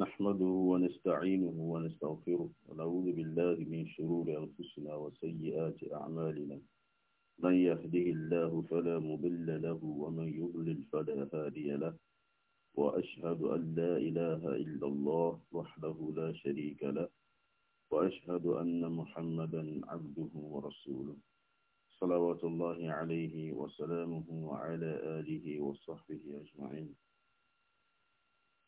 نحمده ونستعينه ونستغفره ونعوذ بالله من شرور أنفسنا وسيئات أعمالنا من يهده الله فلا مضل له ومن يضلل فلا هادي له وأشهد أن لا إله إلا الله وحده لا شريك له وأشهد أن محمدا عبده ورسوله صلوات الله عليه وسلامه وعلى آله وصحبه أجمعين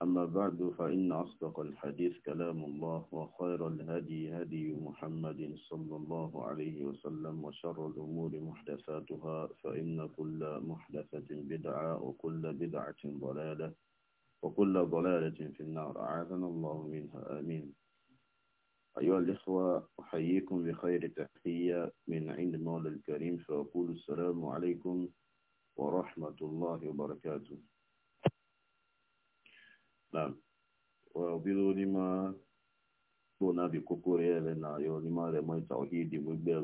أما بعد فإن أصدق الحديث كلام الله وخير الهدي هدي محمد صلى الله عليه وسلم وشر الأمور محدثاتها فإن كل محدثة بدعة وكل بدعة ضلالة وكل ضلالة في النار أعاذنا الله منها آمين أيها الإخوة أحييكم بخير تحية من عند مولى الكريم فأقول السلام عليكم ورحمة الله وبركاته na o bido nima bo na bi kokore ele na yo nima le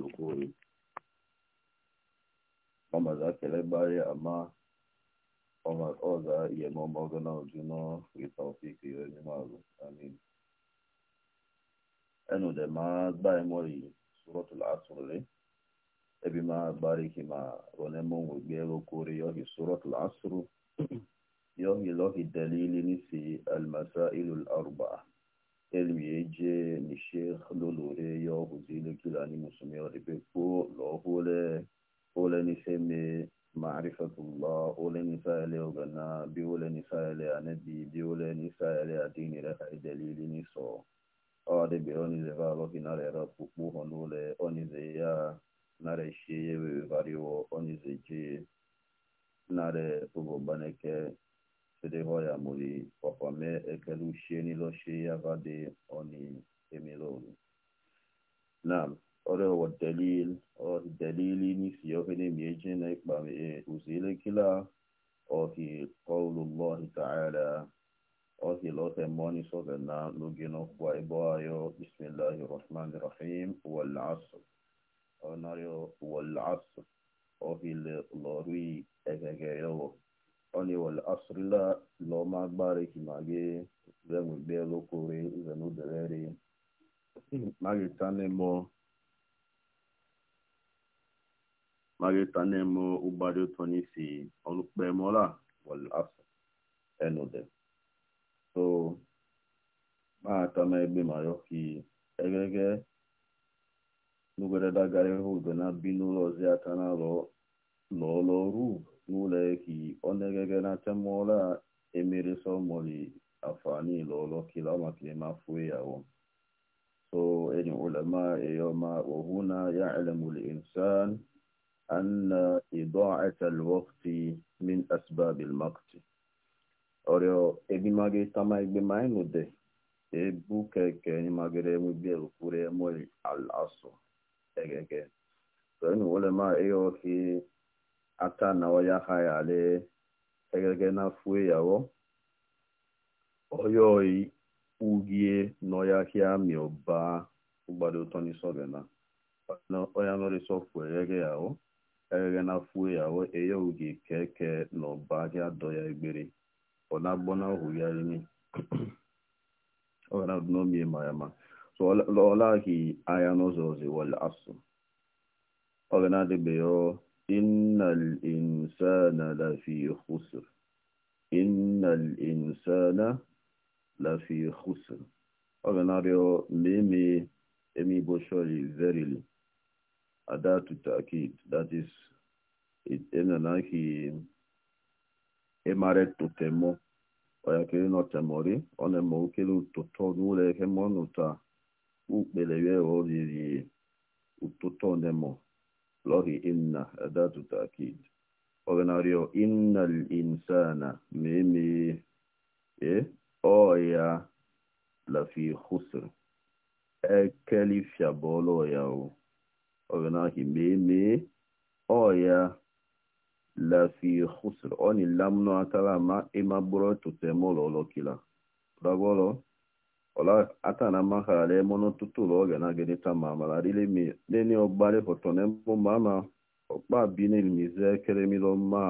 lo kore mama za kele ama na uju n'itofik onye nimalu amin ẹnu dẹ máa gbá ẹmọ yìí sọrọtù làásùrẹ ebi ma gbárí ki ma يوهي لوهي دليل نسي المسائل الأربعة علمي يجي نشيخ لولوري يوهو زيلو كيلاني مسمي وربكو لي أولى نسمي معرفة الله أولى نسائل يوغنا بيولى نسائل نبي بيولى نسائلي دين رفع دليل نسو أعد بيوني زفا لوهي ناري ربكو هنولي أوني زيا ناري شيئي ويباريو أوني زيجي ناري بانكي fede hoya muli papa me ekelu sheni lo sheya vade oni emiloni nam ore wa dalil or dalili ni siyo hene mieje na ikpa me eh, uzile kila ohi qawlu allah ta'ala ohi lote moni sobe na lugino kwa ibo ayo bismillahir rahmanir rahim wal asr onario wal asr ohi lorui egegeyo eh, eh, onewele asụrịla lọma gbarikimage zenwebelokwore zenudelere magitanemo magitanemo ụgbari ụtọ n'isi ọlụkpemola wal asụ enude so maatama egbe mayoki egege n'ugwereda gara ihe ugo na bi n'ụlọ ozi aka na lọọlọ rubu n'ụlọ ehi onegege na temola emeresomoli afani lolo kila makilima fue yawo so eni ulama eyoma wahuna ya'lamu al-insan أن إضاعة الوقت من أسباب المقت أريو إبي ماجي تما إبي ما ينودي ebu keke ni magere mu bi elukure mu al aso egege so ni wole ma eyo ki ata na oya ha ya le egege na fue ya wo oyoi ugie no ya hia mi oba ugbado toni sogena no oya no re so fue egege ya wo egege na fue ya wo eyo ugie keke no ba ya do ya egbere ona gbona hu ya ni ora no mi ma ya ma so lola hi aya no zo ze wal asu ogena de be إن الإنسان لفي خسر إن الإنسان لفي خسر أغناريو ميمي أمي بوشوري verily أداة التأكيد that is it إن إنناكي إمارت تتمو ويكيري نتموري ونمو كيلو تتونو لكي منوتا ukpelewe oriri ututonemo lọ́hì inna adatu takid ọ̀gànàríọ̀ inna l'insana mẹ́mẹ́ ẹ́ e, ọ̀ya lafi khusr ẹkẹ́lì e fìàbọ́ọ̀lọ́ ọ̀ya o ọ̀gànàhì mẹ́mẹ́ ọ̀ya lafi khusr ọ̀ni lámúnà àtàlámà ẹ̀ má gbọ́rọ̀ tó tẹ́ mọ́ lọ́lọ́kìlá rábọ́lọ́. ola atana mahale mono tutulo oge na gedeta ma la rile mi neni ogbare fotone mo mama okpa bine limize kere mi lo ma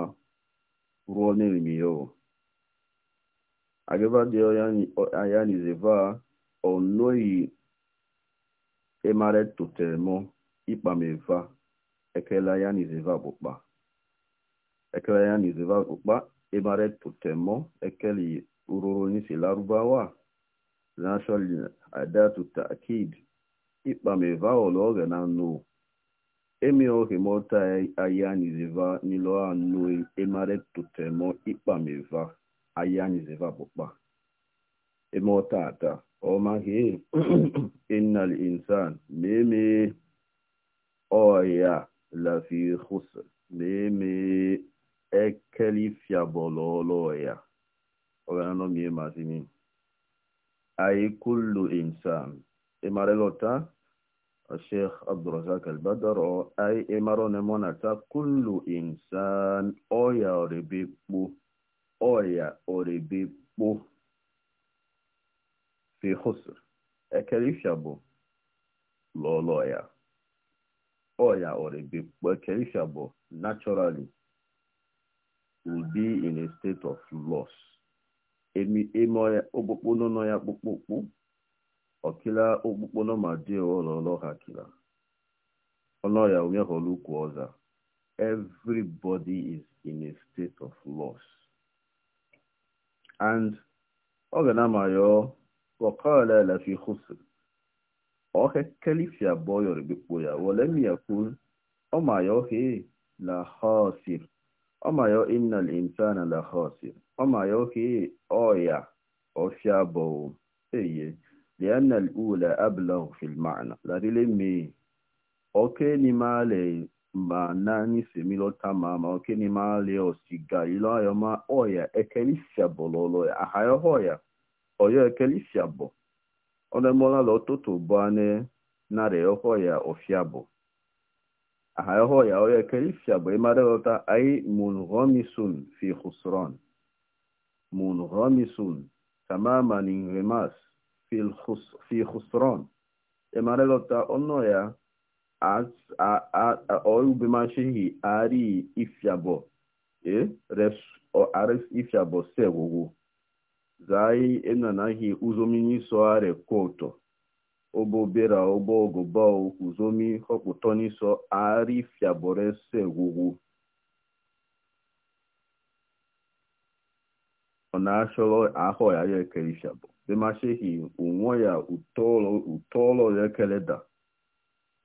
ruo ne o. yo ageba de oyani ayani zeva onoi emare tutelmo ikpa meva ekele ya nizeva bụkpa ekela ya nizeva bụkpa emare mụ ekele ruru nisi larubawa ránṣọ́lì àdáàtú takid ìpàmẹ̀vá ọ̀lọ́ọ̀rẹ̀ náà nù èmi ọ̀rẹ́ mọ́ta ayánizèvá nílò àánú emare tòtẹ̀mọ́ ìpàmẹ̀vá ayánizèvá pọ̀pá emọ́ta àtà ọmọ hìí ìnàlì ìnsàn mẹ́mẹ́ me láfi hùsẹ̀ mẹ́mẹ́ ẹkẹ́lì fìyàbọ̀ lọ́ọ́lọ́ọ̀yà ọ̀rẹ́ náà mi ẹ̀ máa sí ni. ayi kulu in sa emarelo taa shek abdullahi akalibadaro ayi maron emona taa kulu oya oribi kpu oya oribi kpu fi husu ekeresha bu lo lo ya oya oribi kpu ekeresha bu nashorali u bi in a state of loss eme ọya okpukpo nọ ya kpụkpụkpụ ọkila okpukpo ma dị ọlọlọ ha kila ya onye hụrụ ukwu ọza everybody is in a state of loss and ọ ga na amayọ wakọọla lafi husr ọhe kelifia bọyọrọ gbekpo ya wọlemia kwun ọ ya he na hosir ọmayo innal insana la khasir ọmayo ki ọya ọfia bọwọ eye لأن الأولى أبلغ في المعنى لذلك مي ọkẹ́ ni máa lẹ̀ máa ná ní sèmi lọ́tà máa ma ọkẹ́ ni máa lẹ̀ ọ̀sì gà ilọ́ ayọ̀ máa ọ̀yà ẹ̀kẹ́lì ṣàbọ̀ lọ́lọ́ ẹ̀ àhàyọ̀ ọ̀yà ọ̀yọ̀ ẹ̀kẹ́lì ṣàbọ̀ ọ̀nà lọ́tọ̀tọ̀ bọ́ ánẹ́ náà rẹ̀ ọ̀yà ọ̀fíàbọ̀ ahayaho ya oya kalifya bo imarota ay munghamisun fi khusran munghamisun tamaman inrimas fi khus fi khusran imarota onno ya as a a oyu bimashihi ari ifyabo e res o ares ifyabo sewogo zai enanahi uzomini soare koto obobera obogoba okuzomi hokputoniso ari fiaborese gwugwu ọnashọrọ ahọ ya ya ekerishabo bemashehi onwe ya utolo ya ekeleda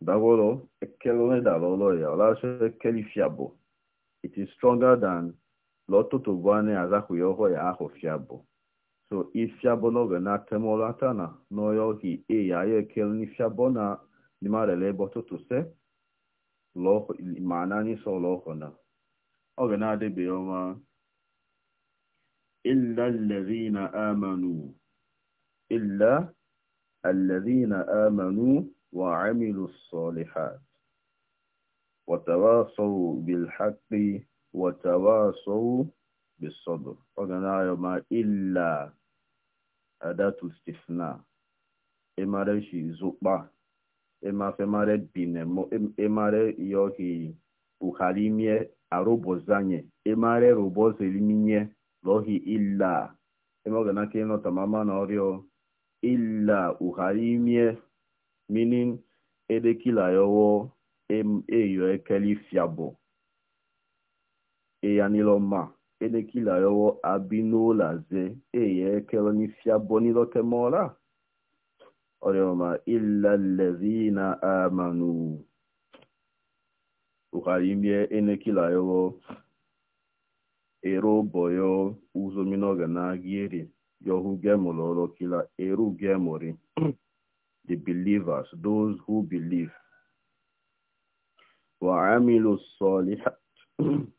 dagoro ekeleda lolo ya ọlasọ ekerishiabo it is stronger than lọtụtụbụ anya azahụ ya ọhọ ya ahọ fiabo so ifiabono ga na temolata na n'oyohi eyaye kel n'ifiabona nimarele bototuse lọhọ mana anyị sọ lọhọ na ọ ga na-adịbe ọnwa إلا الذين آمنوا إلا الذين آمنوا وعملوا الصالحات وتواصوا بالحق وتواصوا بالصبر وقنا يوم إلا adatu stifna emare shi zukpa emafe mare binemo emare yohi uhalimie arobozanye emare robozelimie lohi illa emogana ke no tamama na orio illa uhalimie mini edekila yowo eyo ekeli fiabo eyaniloma enekila yowo abinolaze eyekelo nifiabonilokemora orioma illa allazina amanu ukarimie enekila na eroboyo uzominoga nagieri yohugemololo kila erugemori the believers those who believe وعملوا الصالحات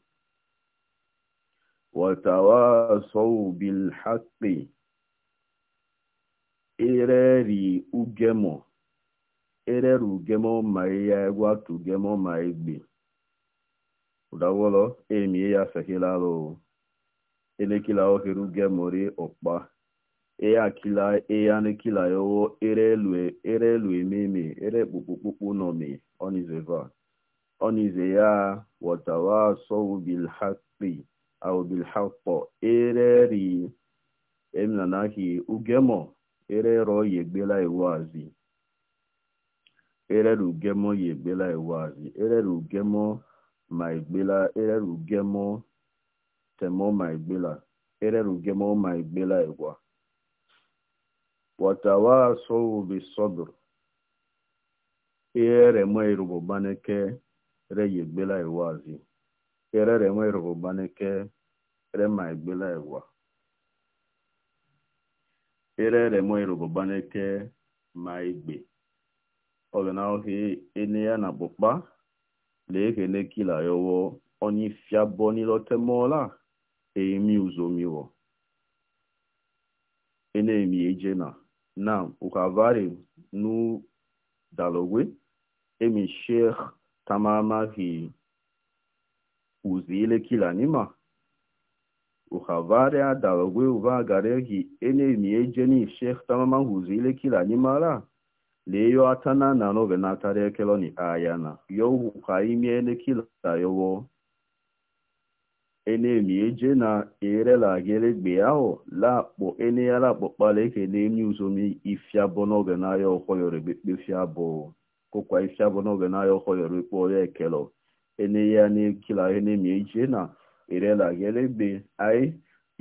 وتواصوا بالحق إراري أجمو إراري أجمو ما يغوات أجمو ما يغبي ودولو إمي يا سهلالو elekila ohere ugemori ọkpa eyakila eyanekila yowo erelu ememe ere kpukpukpukpu nomi onizeva onize ya watawa sowu bilhaqi aubilhakpo ereri emnanahi ugemo erero yegbela iwazi erere ugemo yegbela iwazi erere ugemo ma igbela erere ugemo temo ma igbela erere ugemo ma igbela igwa watawasau bisobr erere mo irubobaneke re yegbela iwazi kerere enwe yoruba n'ike rema egbela ewa kerere enwe yoruba n'ike ma igbe ọgana ohi ene ya na bụkpa lehe n'ekila yowo onye fiabọ n'ilotemola eimi uzomiwo enemi ejena na ukavare nu dalogwe emi sheikh tamamahi uziile kila nima uhavare adalogwe uvagaregi eneemiejeni shekh tamama huziile kila nimara leyo atana nanove natarekeloni ayana yo uhaimiene kila yowo eneemieje na erelagelegbeaho lakpo eneyalakpokpaleke nemi uzomi ifiabo n'oge n'ahịa ọkpọyọrọ ekpekpe fiabo kokwa ifiabo n'oge n'ahịa ọkpọyọrọ ekpe ọya kelo. ene ya ne kila ene mi je na ire la gele be ai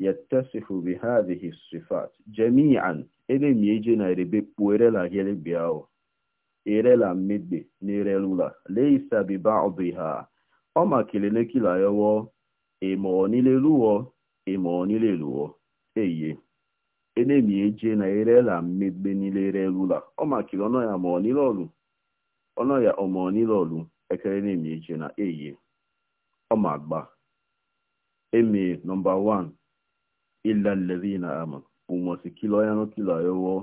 yattasifu bi hadhihi sifat jami'an ene mi je na ire be puere la gele be ao ire la midbe ni ire lula laysa bi ba'dha o ma kile ne kila yowo e mo ni le luwo e mo ni le luwo eye ene mi je na ire la midbe ni le ire lula o ma kile no ya mo ni lolu ono ya o mo ni ekele na emi iche na ọ ọma emi nọmba wan ila na ama umosi kilo ọhịa kilo ayowo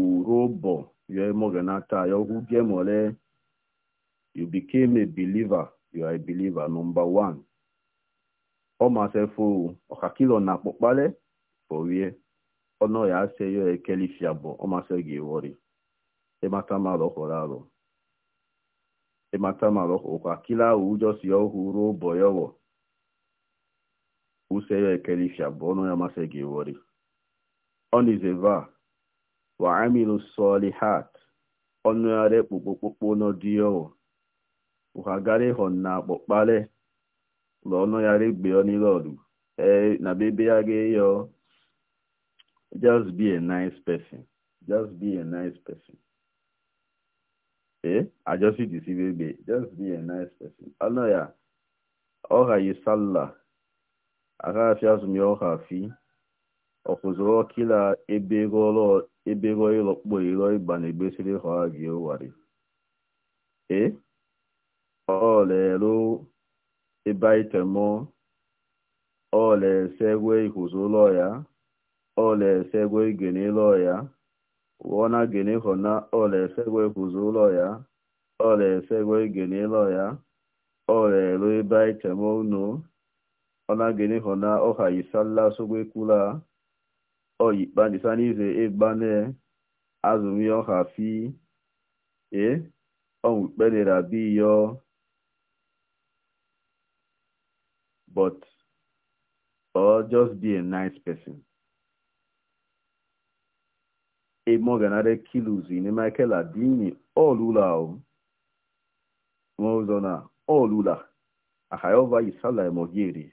urobo yo emoge na ta yo huge mole you became a believer you are a believer number one ọma sefu ọka na akpụkpale forie ọnọ ya ase yo ekele fiabọ ọma gị ịmata e mmadụ imatamalo ukakila ujosi yohuru boyowo useyo ekelifia bono ya masegi wori onizeva wa amilu solihat ọnụ ara ekpokpokpokpo n'ọdịyo ụhagara ịhọ na akpọkpale ụlọ ọnụ ya n'ile ọdụ. ee na bebe ya ga-eyo just be a nice person just be a nice person eh i just see this baby just be a nice person ano ya oha yi salla aga afi azumi oha afi ọkụzụrụ kila ebego ịlọkpọ ilo ịgba na egbesiri ha gị wari ee ọ ụlọ ya igene ụlọ ya wona gịnị hona ole esegwe kuzulo ya ole esegwe gene ya ole lo ibai temo no ona gene hona oha isalla sugwe kula oyi bani e fi e on pelera but just be a nice person emoganare kiluzi ne makela dini olula o mozona olula akayova isala emogiri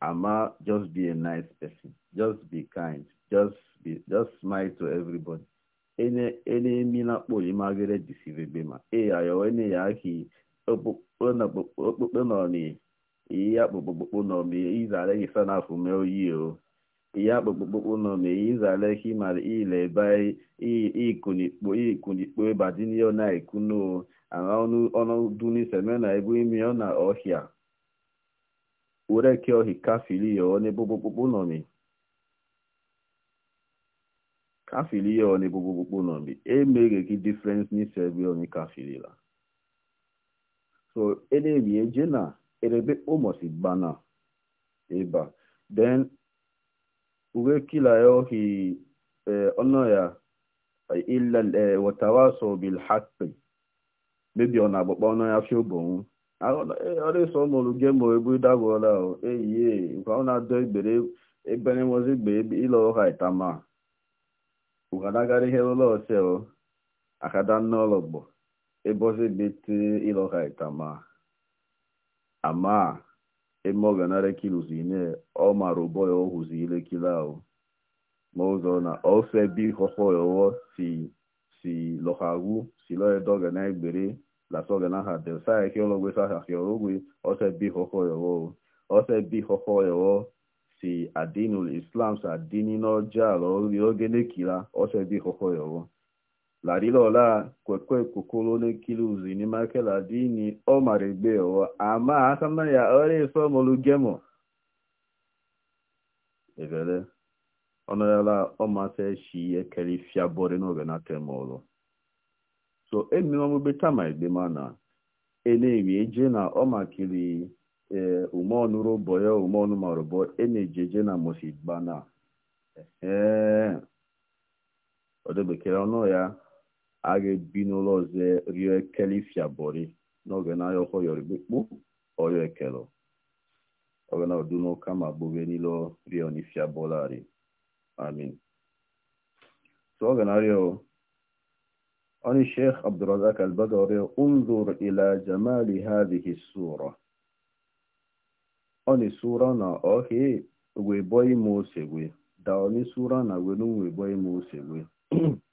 ama just be a nice person just be kind just be just smile to everybody ene ene mina kpoyi magere disivebe ma e ayo ene ya ki okpokpo na ni iya okpokpo na mi izare ife na afume oyi o ya kpokpokpo nome izale himar ile bai ikunikpo ikunikpo badinio na ikuno aŋa ọnọdụ n'iseme na ebu imio na ọhịa ureke ohi kafili yo n'ebubukpukpu nomi kafili yo n'ebubukpukpu nomi emeghe gị difference n'isebe omi kafili la so enemi eje na erebe ụmụsị gbana ịba den. uwe kila yo hi eh, ono ya eh, illa eh, watawaso bil haqqi mebi ọ na-agbakpọ ọnụ ya fio bonwu eh, ọrịsọ ọnụrụ gemo ebu dagwoola o eyiye eh, nke ọ na-adọ egbere ebere mozi gbe ịlọ ọha itama ugadagara ihe lụlọ ọsẹ o akada nnọlọgbọ ebozi gbe tii ịlọ ọha itama ama eme ọganara kiluzi ne ọ mara ụbọ ya ọhụzi ile kila ahụ ma ụzọ na ofe bi họhọ ya si si lọhagwu si lọya e dọgana egbere lasọgana ha del saya e ke ọlọgwe saha e ke ọlọgwe ọsẹ bi họhọ ya ọwọ ọsẹ bi họhọ ya si adinul islam sa adini n'ọjà lọ oge ne kila ọsẹ bi họhọ ya larilola kwekwe kukulu nekili uzi ni make ladini o marigbe owa ama asana ya ore so molugemo evele ọnụrịala ọmasị eshi ihe kere fiabọrị n'oge na temọlụ so emimọmgbe tama egbe mana enewi eje na ọmakili ee ya na mosigba na bekere ọnụ ya a ga-ebi n'ụlọ ọzọ rio ekele ifiabori n'oge na-ahịa ọkọ yoribekpo ọyọ ekele oge na ọdụ n'ụka ma gboghe n'ilo rio n'ifiabolari amin so oge na rio أني الشيخ عبد الرزاق البدري انظر إلى جمال هذه na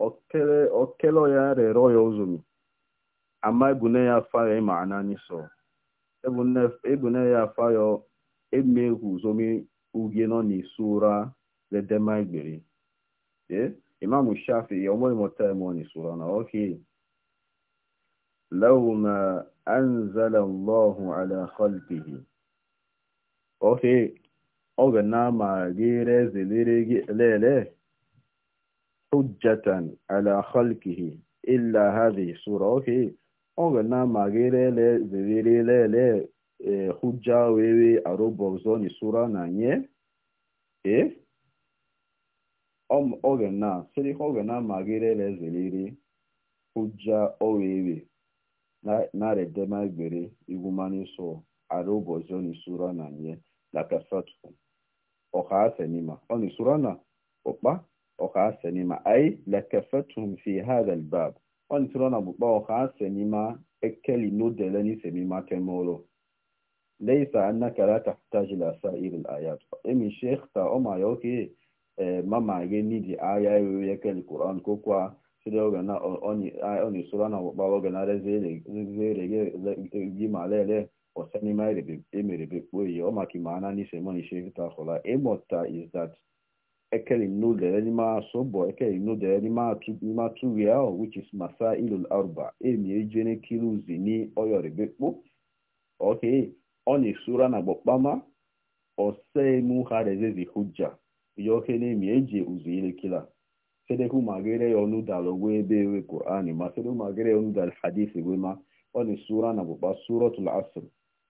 okele ya rere ya ozulu ama ebune ya fayo ma anani so ebune ebune ya fayo emehu zomi ugie no ni sura le dema igbere e imam shafi ya omori mota mo ni sura na okay law anzala allah ala khalqihi okay oge na ma gere zelere lele hujjatan ala khalqihi illa hadhihi sura okay oge na magirele zirirelele eh, hujja wewe arụbọzọ ni sura na nye e eh? oge na sịrị oge na magirele ziriri hujja owewe na redema egbere igwumani so arụbọzọ ni sura na nye na kasatu ọha asenima ọ ni sura na ụkpa وخاسنما أي لكفتهم في هذا الباب وانترون أبوبا وخاسنما أكلي نودلني سميما تمولو ليس أنك لا تحتاج إلى سائر الآيات إمي شيخ تا أما يوكي آه، ما ما يني دي آية يوكي القرآن كوكوا غنا أغنى أني سورانا غنا أبوبا وغنى رزيلي جيما ليلي وسنما إمي ربي أما كي معنا نسموني شيخ تا خلا إموتا is that ekeli nudere n'ime asụbọ ekeli nudere n'ime atụghị ahụ which is masa ilul arba emi ejene kiruzi ni oyoribekpo oke ọni sura na gbọkpama osemu ha rezezi hujja na-emi eji uzu ile kila sedehu magere ya onudala wee ebe ewe qur'ani ma sedehu magere ya onudala hadisi wee ma ọni sura na gbọkpa suratul asr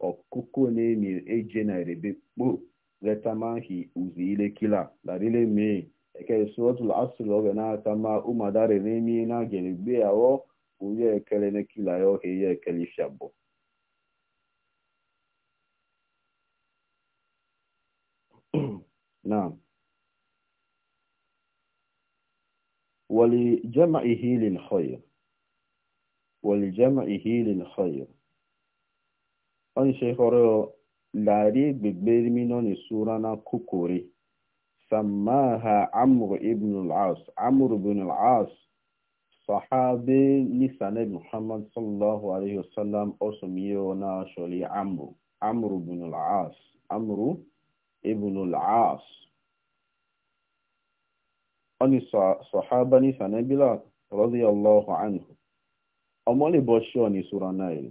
ọkụkọ na-emi eje na erebekpo letamahi uzile kila larile me eke suratul asr oge na-ata ma umadare n'emi na gelegbe awo uye ekele ne kila ya ohe ya ekele ifyabo naam ولجمعه للخير ولجمعه للخير أن شيخ رأى lari gbegbe minoni sura na kukuri sammaha amr ibn al-as amr ibn al-as sahabi lisane muhammad sallallahu alaihi wasallam osumiyo na sholi amr amr ibn al-as amr ibn al-as oni sahaba ni sanabila radiyallahu anhu ọmọlẹ́bọ̀ ṣọ́ ni sura nile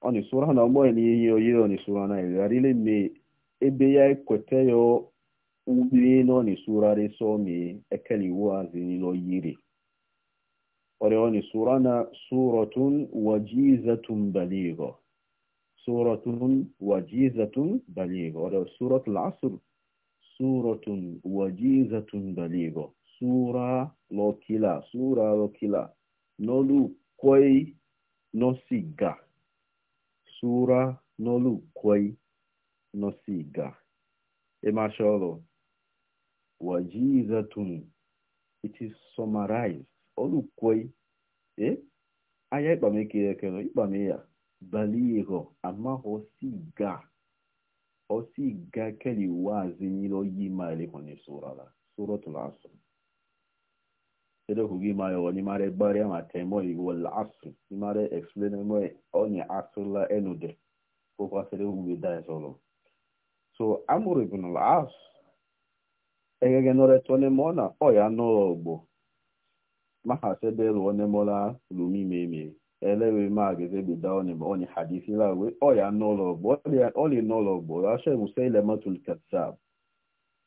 oni sura na mo ni yo yo ni sura na ile rile me ebe ya kwete yo ubi no ni sura re so mi ekeli wa zini no yiri ore oni sura na suratun wajizatun baligha suratun wajizatun baligha ore suratul asr suratun wajizatun baligha sura lokila sura lokila nolu koi no siga sura n'olukwei nọsiga emasholo wajizatun it is summarized olukwei eh anya ikpameke ekeno ikpame ya baligo amaho siga osiga keli wazi nilo yima elekwani sura la suratul asr edokwughị ma ya onye mara gbara ma temo iwola asụ imara explain mo onye e, asụla enude kwụkwasịrị ugbe dazọrọ so amụrụ ibnul as egege nọreta onye mọ na ọya n'ụlọ ogbo maha sebe ruo onye mọla lumi meme elewe ma geze bida onye onye hadisi lawe ọya n'ụlọ ogbo ọlị n'ụlọ ogbo rashe musa ilematul kasab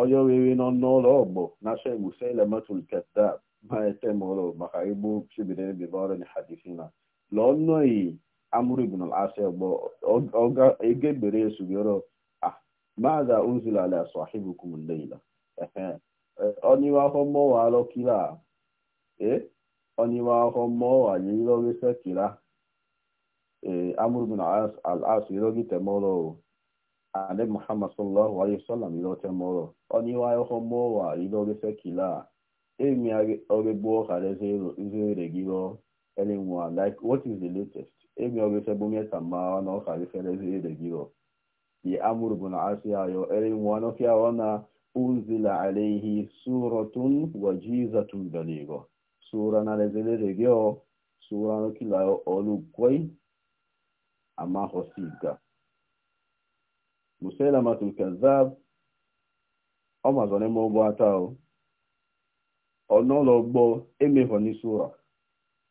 onye oriri nọ n'ụlọ ọgbọ nasha musaila matul kedab ma maka igbu chibidere bibe ọrụ na hadifina lụọ nnọyi amụrụ ibn al-asị ọgbọ egebere esugoro ah, maza unzila ala sahibukum leila ahụ ane muhammad sallallahu alaihi wasallam ilo temoro oni wa yo homo wa ilo gese kila emi oge gbo kare zero zero giro anyone like what is the latest emi oge se bu meta ma na o kare fere zero giro ye amur bun asiya yo anyone of ya ona unzila alayhi suratun wajizatun baligo sura na lezele regio sura no kila olu koi ama hosiga muselamatul kazab ọmazọnema ụgbọ ata ọnụlọgbọ emehọ n'isi ụra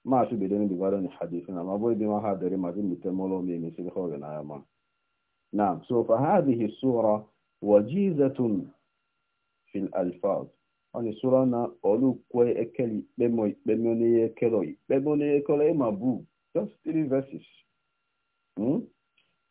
maasị bido n'ibibara ni hadith na mabụ ibi ma ha dere ma dimite mọlọ ma ha ma na so fa hadhihi sura wajizatun fil alfaz na ekeli ikpemo ikpemo n'ihe ikpemo n'ihe ịma just three verses hmm?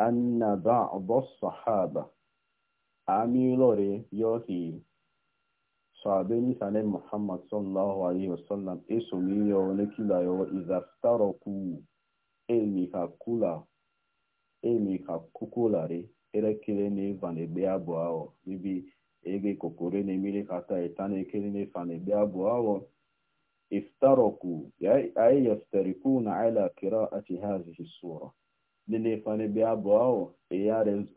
أن بعض الصحابة أميلوري يوتي صحابين سنة محمد صلى الله عليه وسلم إسمي ونكلا يو إذا افترقوا إلمي كاكولا إلمي كاكوكولاري elekere na-eva n'egbe abụọ na-emere kata abụọ ahụ iftaroku lele fane be abo awo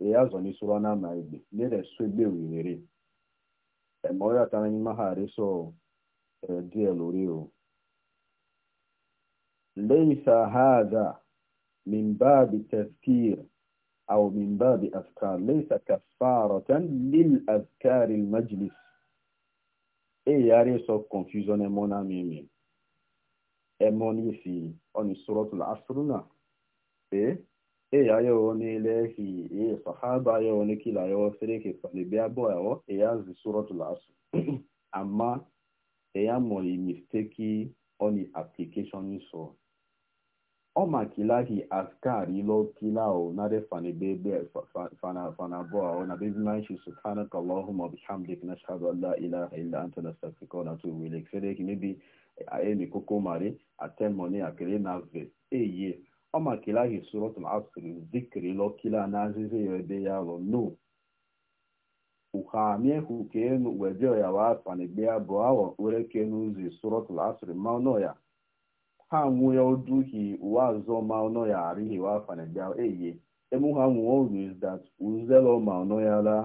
eya zɔ ni sura na ma egbe ne yɛrɛ so egbe wewere ɛmɛ o yàtɔ anyi ma ha re sɔ o leisa haza min baabi tazkir aw min baabi azkar leisa kafaratan lil azkar majlis eya re sɔ confusion ɛmɔ na mi mi ɛmɔ ni fi ɔni suratul asr na eya yo niile hi sahaba yo ne kila yo sere fani bia bo yo ya zi surat las ama e ya mistake application ni so o ma kila hi askari lo kila o na de fani be be fana fana bo na be na shi subhanaka allahumma bihamdik nashhadu an la ilaha illa anta bi a e koko mare na ve ọ makilaghị suratul asri zikiri lokila na azịzi ya ebe ya lụ no uhamiehu kenu wejeoya wafanigbe ya bụ awọ were kenuzi suratul asri maono ya ha nwụya oduhi uwe azọ maono ya arịghị wafanigbe eye emu ha nwụọ ruiz that uzelo maono ya la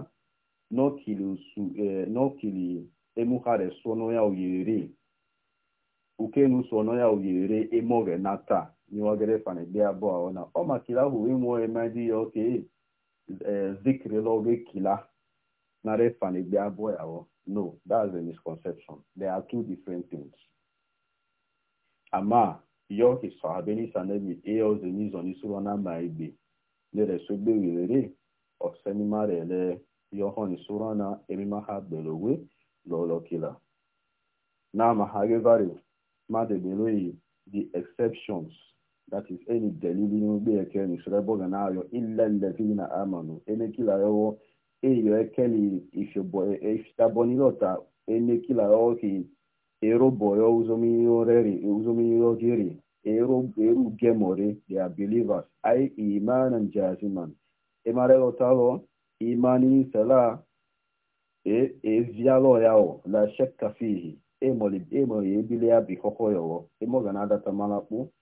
nokili emu ha resuono ya uyere ukenu suono ya uyere emoghe na taa niwagere fani bia bo aona o makila hu imo emadi okay eh, zikri loge kila nare fani bia bo yawo no that's a misconception there are two different things ama yo ki sahabeni sanemi eyo zeni zoni suro na maibe lere sogbe wirere oseni mare le yo honi suro na emima ha belowe lolo kila na mahage vario madebelo yi the exceptions that is any delili ni gbe eke ni srebo ga na ayo illa allazina amanu ene kila yo e yo ekeli ifebo e staboni lota ene kila yo ki ero boyo uzomi yoreri uzomi yogiri ero eru gemore they are believers ai imanan jaziman e mare lota lo imani sala e e vialo yao la shakka fihi e moli e moli e bile abi hokoyo e mo ga na data malapu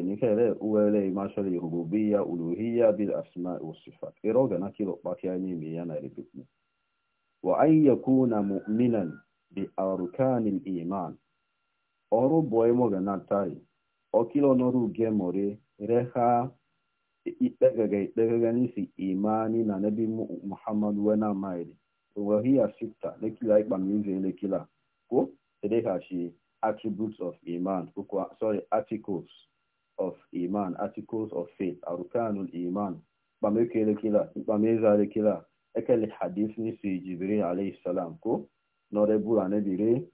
enikele uwele imashali rububia uluhia bil asma wasifat iroga na kilo pakiani miyana ribiku wa an yakuna mu'minan bi arkani al-iman oro boemo ganatai okilo noru gemore reha ipegege ipegege nisi imani na nabi muhammad wena maili wahia sita lekila ikpa mize lekila ko reha shi attributes of iman sorry articles of Iman, articles of faith, Arukanul Iman, Pamekele Kila, Pamezale Kila, Ekele Hadith Nisi Jibril alayhi salam ko, Norebu Anebire,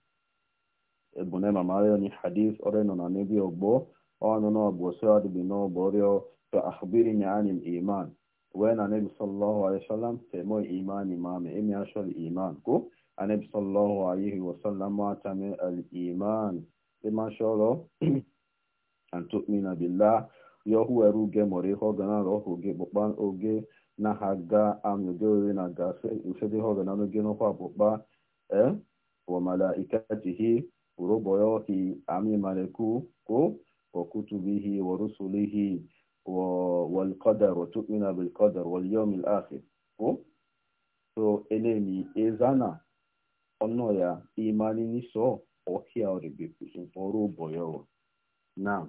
Ebune Mamare ni Hadith, Ore non Anebi Ogbo, Ono no Ogbo Sirad Bino Borio, Fa Akhbiri Nyanil Iman, Wen Anebi Sallallahu alayhi salam, Temo Iman Imam, Emi Ashal Iman ko, Anebi Sallallahu alayhi wa sallam, Matame Al Iman, Ema an tu'mina billah yo huweru ge mori ho gana ro ho ge bokpan oge na ha ga am ge ori na ga se se de ho gana no ge no kwa bokpa eh wa malaikatihi urobo yo hi ami maleku ko wa kutubihi wa rusulihi wa wal qadar wa tu'mina bil qadar wal yawmil akhir ko so eleni ezana ono ya imani ni so o kia ori bi kusun poro boyo now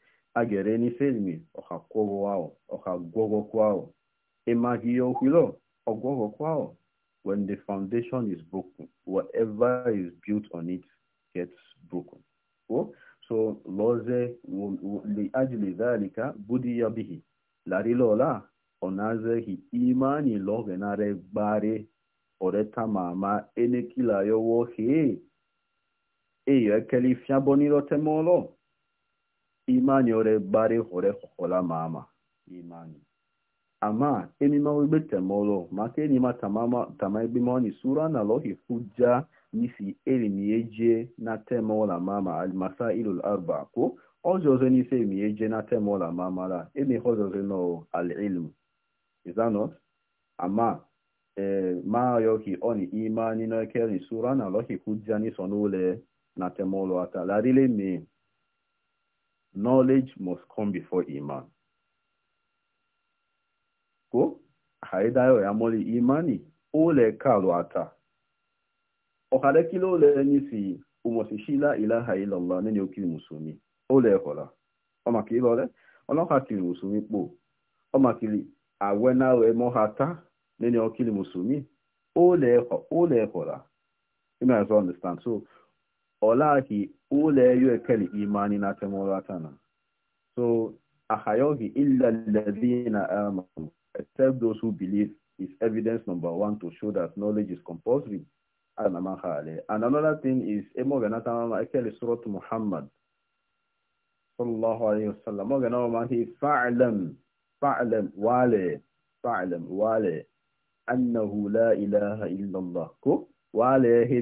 agere ni felmi ọha kwọgwọ ahụ ọha gwọgwọkwa ahụ ịmaghị ihe okwilo ọgwọgwọkwa ahụ when the foundation is broken whatever is built on it gets broken oh? so lọze liajili dhalika ya bihi larilola onazehi imani logenare gbare oretamama enekilayowo he eyo ekeli fiabonirotema ụlọ imani ore bari hore hola mama imani ama ma ugbe temolo ni ma tamama tamaibima ni sura na lohi hujja nisi elimiyeje na temola mama almasa larba arba ko ozozo nisi elimiyeje na temola mama la emi hozozo no alilmu is izano not ama eh, ma ki oni imani no ekeri sura na lohi hujja nisonule na temolo ata mi knowledge must come before iman ko haidayo ya mori imani le kalu ata ọ̀kadẹ́ kí ló lẹ ní sí umọ̀síṣí láìláha ìlọ́lá nínú òkìrì mùsùlùmí ó lẹ ẹ̀kọ́lá ọmọkìrì lọ́rẹ́ ọlọ́kàkìrì mùsùlùmí pò ọmọkìrì àwẹ́náwẹ́ mọ́hátá nínú òkìrì mùsùlùmí ó lẹ ẹ̀kọ́lá you may as well understand so ule ekeli imani na temoratana so ahayogi illa alladhina amanu except those who believe is evidence number one to show that knowledge is compulsory and another thing is emoganatana ekeli surat muhammad sallallahu alayhi wasallam moganama hi fa'lam fa'lam wale fa'lam wale annahu la ilaha illa allah ko wale he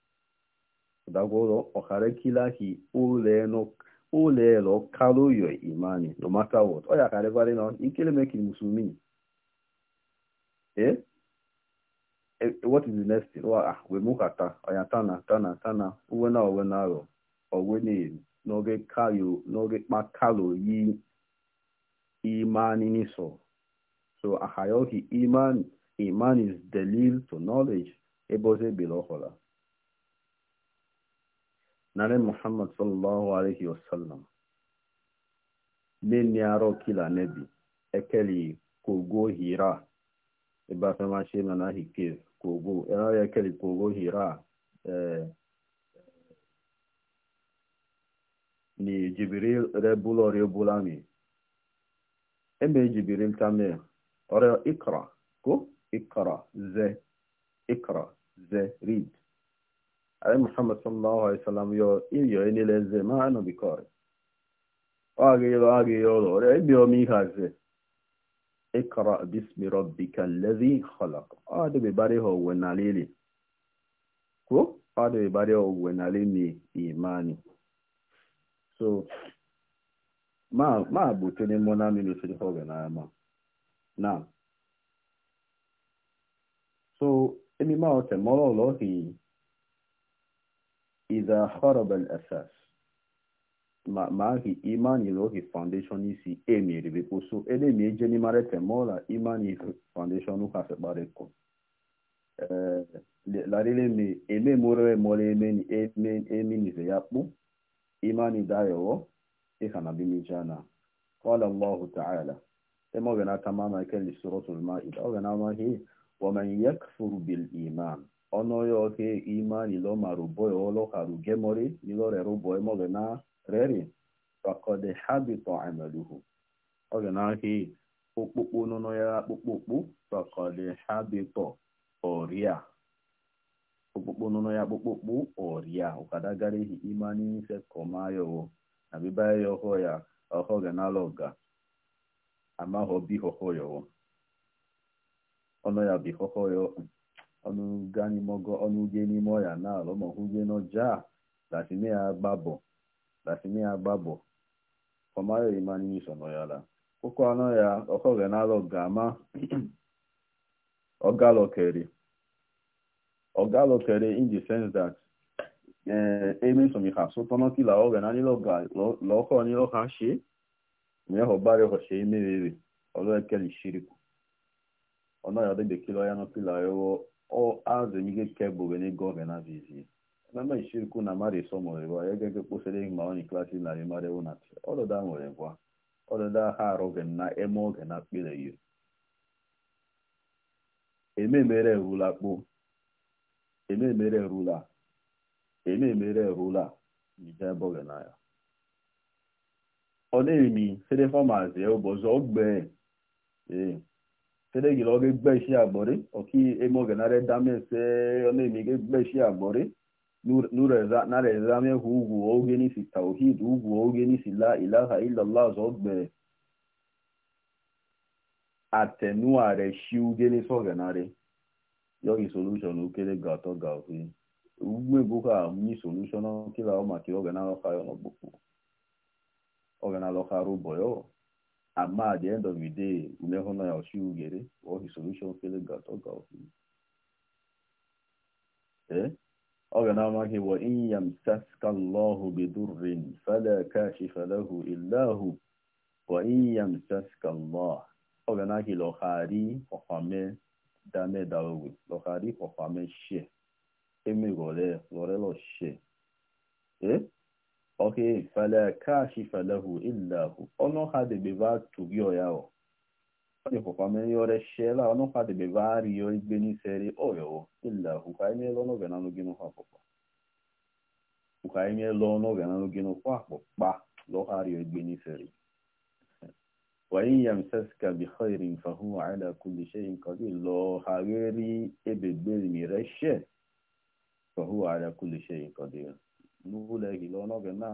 dagoro ohare kilahi uleno ulelo imani no matter what oya kare vale no ikele make muslimin e? e, what is the next thing wa ah, we oya tana tana tana uwe na uwe na ro owe n'oge kayo n'oge yi imani niso so ahayohi iman iman nare muhammad sallallahu alaihi wasallam leni aro kila nebi ekeli kogo hira a mashi na nahi kev kogo ero ekeli kogo hira eh, ni jibril rebulo rebulami eme jibril kame ore ikra ko ikra ze ikra ze read ayi muhammad sallallahu alaihi wasallam yo iyo enileze maano bikore wagiyelo agiyolo ore ibyo mihaze ikra bismi rabbika alladhi khalaq ade be bare ho wenalili ko ade be bare ho wenalini imani so ma ma butene mona mi no sidi ho wenama na so emi ma o إذا خرب الأساس ma ma hi imani ro foundation isi emi ribe poso ele mi eje ni mare temola imani foundation nu ka bare ko la rile mi eme more more eme ni eme emi ni se yapu imani dayo e kana bi mi jana qala allah ta'ala emo gana tamama ke suratul maida o ma hi wa man yakfur onoyo ke ima nilo maruboe olo karugemori nilo na reri amaluhu oge ya akpụkpọkpụ oria okpukpu nono ya akpụkpọkpụ oria ukadagarihi n'ife na bibayo ho ya ohoge na ọnụ ga n'imogo ọnụ uje n'ime ọya na alụ ma hụje n'ọja lasine ya gbabọ lasine ya gbabọ ọmayo imani iso n'ọyala ụkọ anọ ya ọkọge n'alọ gama ọgalokere ọgalokere in the sense that eh, emi somiha sotọnọ ki la ọge na nilọga lọkọ nilọha ṣe mìíràn ọgbàre ọ̀ṣẹ́ imérèrè ọlọ́ẹ̀kẹ́lì ṣíríkù ọ̀nà ìyàdẹ́gbẹ̀kí lọ́yánú pìlà ẹwọ́ azụ ke o azonyike kebube n'ego organizes mama ishirku na mari somorewa egege kposere ma oni klasi na rimare unat oloda nwere gwa oloda ha arụ aroge na eme oge na kpere yo ememere rula kpo ememere rula ememere rula nje boge na ya ọ na-emi sede fọmazi ụbọchị ogbe ee sede yi lɔge gbe si agbɔre oki eme oge narị dame se ɔne mi ge gbe si agbori nu reza na reza me hu gu oge n'isi si tawhid hu oge n'isi si la ilaha illallah ọzọ gbe atenua re si uge ni sɔ gana re yɔgi solution o kele gatɔ gafe ugbe go ka mi solution kila ọ ki ɔgana lɔ ka yɔ nɔ gbogbo ɔgana lɔ ka ro ama at the end of the day umehona ya oshi ugere or his solution fele gato ga ofi eh oga na ma ke wa in yamsaska Allahu bi fala kashifa lahu illa hu wa in yamsaska Allah oga na ke lo khari o fame dame dawe lo khari o fame okay fala kashifa lahu illa hu ono ha de be va tu bio ya o oni po pa me yore shela ono ha de be va ri yo igbe ni seri o yo illa hu ka ni lo no be na no ginu ha po pa u n'ụlọegile ọnọge na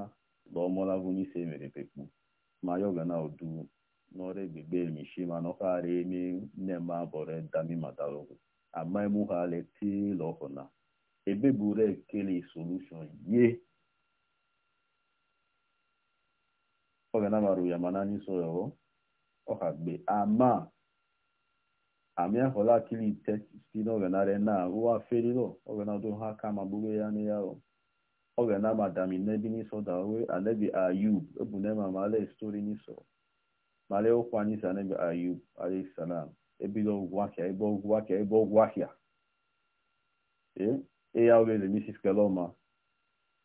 lọmọlavụnyise mere pekpu ma yoga na udu n'ọrụ egbegbe emishi ma nọkagharị eme nne m abọrọ dami madalogo amaemuhale tilọhụna ebeburu ekele solushon ye ọgana mara ya mana anyị so yọrọ ọkagbe ama àmì ẹ̀họ́ lákìlì tẹ́tí sí náà ọ̀gànà rẹ̀ náà ó wá fẹ́rí lọ ọ̀gànà tó ń ha ká máa gbogbo ya ní yàrá oge na madam nebi n'iso dawe anabi ayub ebune ma male stori n'iso male ụkwa n'isi anabi ayub alayhisalam ebido ogwu ahịa ebe ogwu ahịa ebe ogwu ahịa ee eya ogeze mrs keloma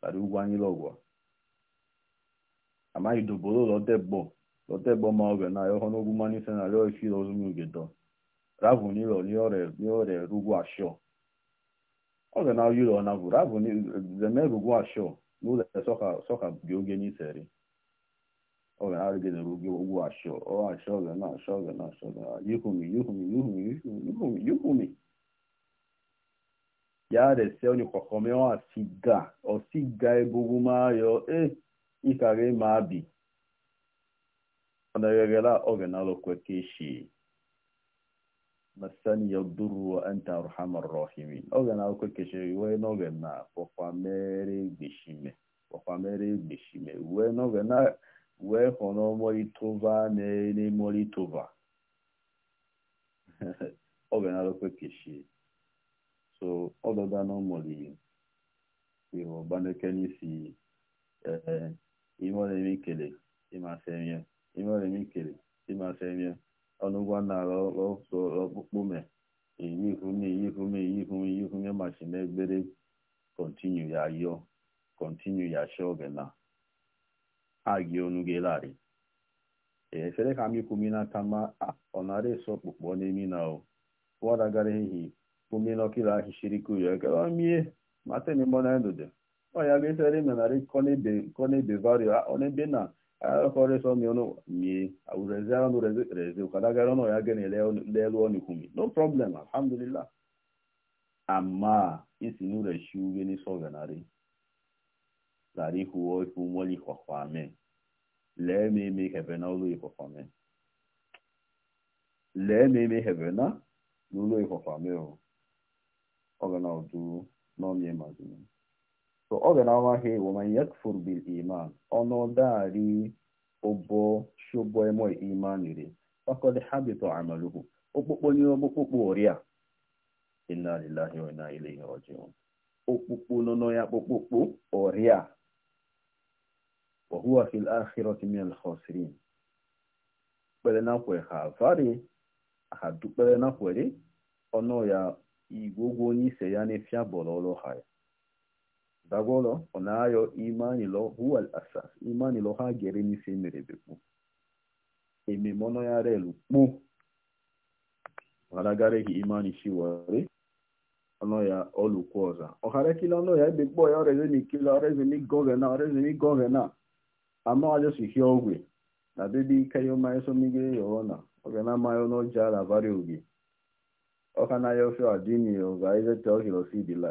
lara ugwu anyị lọgwa amaghị doboro lọdegbo lọdegbo ma oge na ya ọhụrụ ogwu manise na rịọ ifiro ozumu gedo ravu n'ilo n'ọrịa rugwu ashọ oge na yuro na gwuru abụ zemerugwu asho n'ụlọ sọka sọka gị oge n'iseri oge na arụgidere ugwu ugwu asho ọ asho oge na asho oge na asho yuhumi yuhumi yuhumi yuhumi yuhumi ya resi onye kwakọme ọsiga ọsiga ebugumayo e ịkara ịma bi. ọ na-egheghere oge na lokweke shi masani yadurru wa anta arhamar rahimin oge na akwụkwọ kechiri n'oge na kpọkwamere gbeshime gbeshime uwe n'oge na wee hụrụ molitova na-eri molitova oge na akwụkwọ kechi so ọdọda na ụmụli iru ọgbaneke n'isi ee ime eme ikele ịmasị ime ọrịa eme ikele ịmasị ọnụgwa na ọkpụkpụme eyihume eyihume eyihume eyihume machin ebere kontinu ya yọ kontinu ya shọge na agị onugelari e, efere ka m ikwumi n'aka ma ọnara eso ọkpụkpọ n'emi na o wada gara ehi kwumi n'ọkịla ku ya gara mie mateni mgbanaenude ọ ya ga-efere menarị ọ na-ebe na ebe na akore so mi ono mi aurezano no reze reze ukadaga ono ya gene leo lelo ni no problem alhamdulillah ama isi nure shuge ni soga nari lari huo ifu mwali kwa kwame le mi mi hebena ulu ifu kwame le mi mi hebena lulu ifu kwame o ogana odu no mi emazini so ọ bịara amaghị woman yakfur bil iman ọnọdari obo shobo emo iman ire ha habito amaluhu okpukpo nye okpukpo ọrịa inna lillahi wa inna ilaihi rajiun okpukpo nọ ya ọrịa wa kpere na kwe ha vari ha dukpere na kwere ọnụ ya ụgwọ sagolo onayo imani lo huwa al-asas imani lo ha gerini semerebe kpu ememono ya relu kpu haragareghị imani shiwari ọnụ ya olukwu ọza ọharekila ọnụ ya ebe gbọ ya ọrezenikila ọrezenigo ogena ọrezenigo ogena ama ọjọsihie ogwe na bebi ike ya ụmaesomigere ya oge ogena mayo n'oji ala vari oge ọkanayo fe adini ọga izete ohirosibila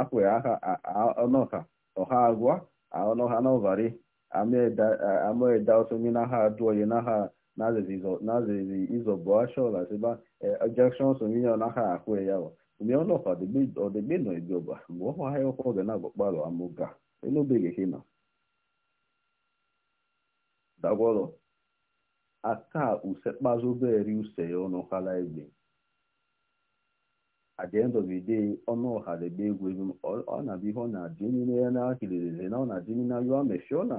akwe aha anoha ọha agwa aonoha novari amoeda osomi naha aduoye naha nazizi izobo ashola siba ejection osomi onaha akwe yawa umi onoha odegbe no ebioba mgbe ọhụ ahịa ọkwa oge na-agbakpalụ amụga enubeghi hina dagwọrọ aka usekpazụ usekpazoberi use ya ọnụ kala egbe at the end ọnụ ọha debe egwu egwu ọ na-abịa ihe ọ na-adị n'ime ya n'ahịrịrịrị na ọ na-adị n'ime ya mefio na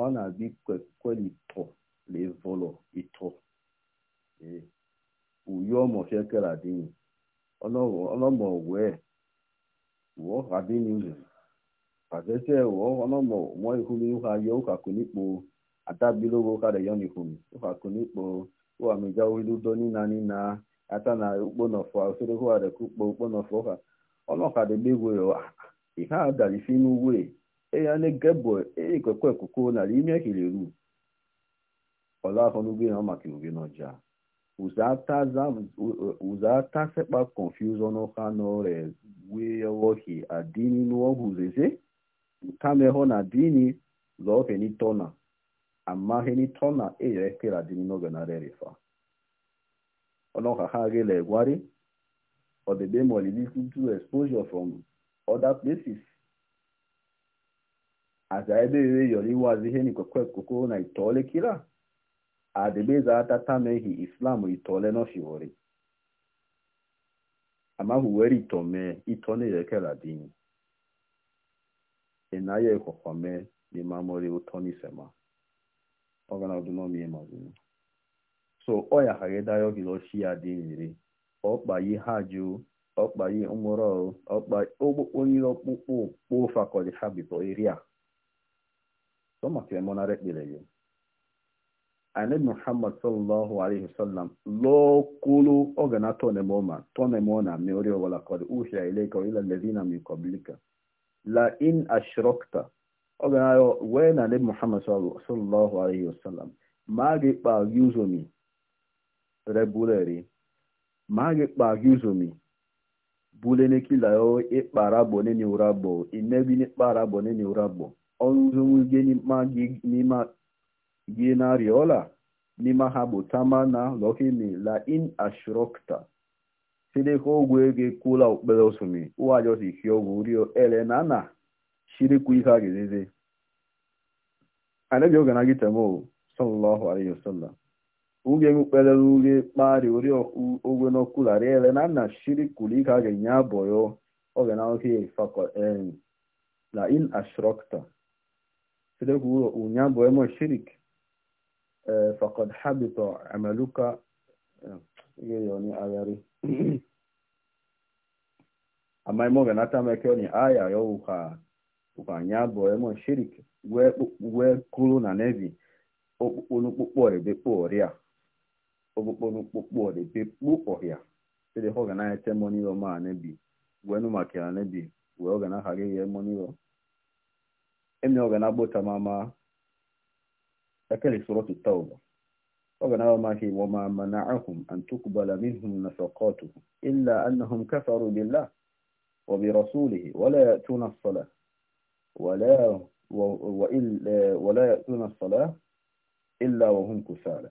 ọ na-abịa kweli itọ levolo itọ uyo ọmọfiekere adịghị ọlọmọ e, wee wụọ adịghị ụzọ pàtẹ́sẹ̀ wọ́ ọlọ́mọ wọ́n ihu ní ata na ukponofo usoro ha ọnọkadebe ah, ihe a dalife n'ugwe eya na ekwekwe ekuko na ime a ọlafọ ha maka ugwe n'ọja uzata sekpa confusion ha n'ọrịa ime adini n'ọhụzeze na dini amahenitona eyekere adini n'oge ọlọ́ka ha gẹ́lẹ̀ ẹ̀gwárí or the day exposure from other places. ebe iwu na itole kila. Adebe za atata mehi Islam itole no shiwori. Ama huweri itome itone yekela dini. Enaye kwa so ọ yagharidayo gị lochi ya dị ire ọkpayi haju ọkpayi nwụrọ onye ọkpụkpụ kpụ fakọlị ha bito iri a sọmakemonara ekpere ya anabi muhammad sallallahu alaihi wasallam lokulu ogana tonemoma tonemona meori walakod usha ilayka wa ila alladhina min qablika la in ashrakta ogana yo wena anabi muhammad sallallahu alaihi wasallam magi pa yuzomi fere buleri magi kpa huzumi bulene kilayo ikpara e bone ni urabo inebi e ni kpara bone ni urabo onzumu geni magi nima gina riola nima habu tamana lohimi la in ashrokta sede ka ogwe gị kwụla okpukpere osumi ụwajọsi hi ọgwụ rio ele na na shirikwu ihe a ga-ezeze anabi oge na gị temo sallallahu alaihi wasallam uge mkpelele uge kpari ori ogwe n'okula riele na nna shiri kulika genya boyo oge na oke fako en la in ashrokta sile kuuro unya boyo mo shirik fakad habito amaluka ige yoni agari amai mo gana tameke oni aya yo uka uka nya boyo mo shirik wee we kulu na nevi onukpukpo ebe kpo ori okpokporukpokpo ọdịbekpu ọhịa sịrị ha ọgana ete moniro ma anebi wenu maka anebi wee ọgana ghara ihe moniro emne ọgana gbota mama ekele soro tuta ụba ọgana ọmaghị wama mana'ahum an tukubala minhum nafaqatuhum illa annahum kafaru billah وبرسوله ولا يأتون الصلاة ولا وإلا ولا يأتون الصلاة إلا وهم كسالى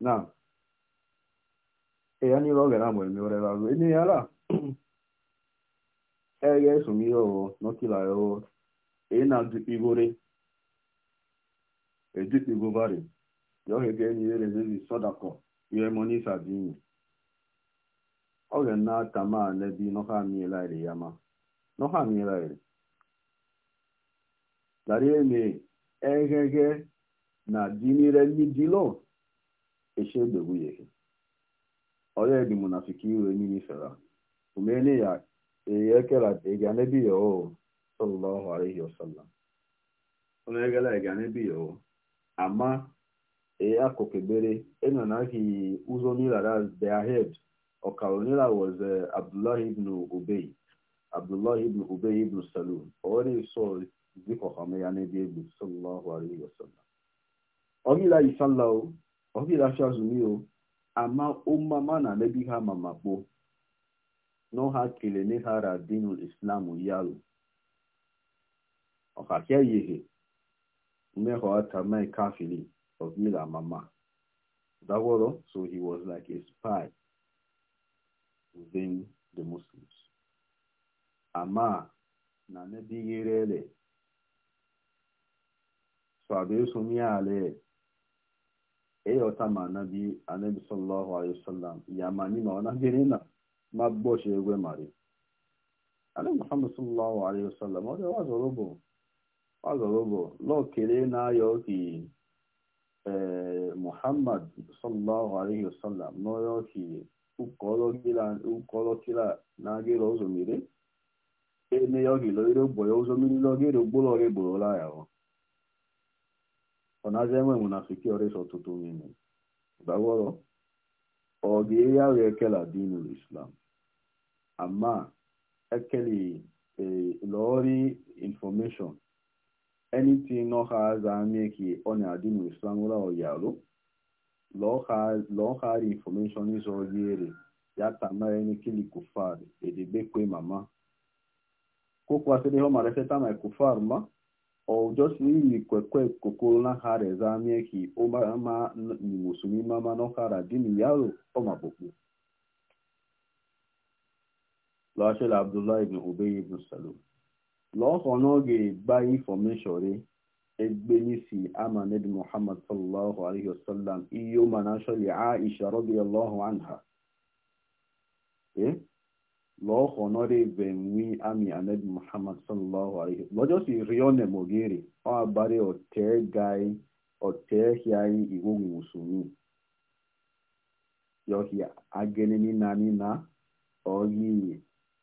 na. Naam. Eya niba ogera mwe miore bago. Ini yala. Ege sumi yo nokila yo. Ena dipigore. E dipigobare. Yo hege ni yere zebi sodako. Yo emoni sadini. Oge na tama nebi noka miela ya yama. Noka miela ere. Dari eme egege na dinire midilo. eshedogbuyehe oya bi munafiki iwe n'imifera umene ya eyekelatega nebiyowo sallallahu alaihi wasallam ya e nebiyowo ama eyakokebere enyonahi ụzọ nilara their head ọkalonila was uh, abdullah ibn ubey abdullah ibn ubey ibn salul ọrịa so zikọhame ya n'ebe egwu sallallahu alaihi wasallam omila isalawo ọkila chazumio ama ụmama na mebi ha mamakpo n'ọha kelene ha radinul islam yalu ọkakia yehe mmehọ atamai kafili ọkila mama daworo so he was like a spy within the muslims ama na nebighere ele so abesomi ala ele ịghọta ma anabi anabi sallallahu alaihi wasallam ya ma anyị ma ọ nabịrị na ma gbochi egwe mari anabi muhammad sallallahu alaihi wasallam ọ dị wazọrọ bụ wazọrọ bụ lọkere na-ayọ ki muhammad sallallahu alaihi wasallam n'ọyọ ki ukọlọkila na-agịrị ọzọ mmiri ene ya ọ gị lọgịrị ụgbọ ya ụzọ mmiri lọgịrị ụgbọlọ gị gborola ya ọ onazemwe munafiki oreso tutumine bagoro ogiya wekela dinul islam amma ekeli lori information anything no has ameki one adinu islam ora oyalo lo has lo has information is oyere yata na any kili kufar edebe kwe mama kokwa sede ho marefeta ma kufar ma or just ni kwekwe kokoro na hare za mieki o ma ni musumi mama no kara dini yalo o maboku lọ́ṣẹ́ abdullah ibn ubay ibn salul lọ́sọ̀ náà gè gba information rẹ̀ ẹgbẹ́ ní ama n'ebi muhammad sallallahu alayhi wa sallam iyo manashali aisha radiyallahu anha eh lọ́ọ̀kọ̀ náà rẹ̀ bẹ̀ ń wí àmì anabi muhammad sallallahu alayhi wa sallam lọ́jọ́ sì rí ọ̀nà mọ̀gẹ́rẹ̀ wọ́n abárẹ́ ọ̀tẹ́ gáì ọ̀tẹ́ hìáyí ìwòhùn mùsùlùmí yọ̀hì agẹ́ni nínà nínà ọ̀yí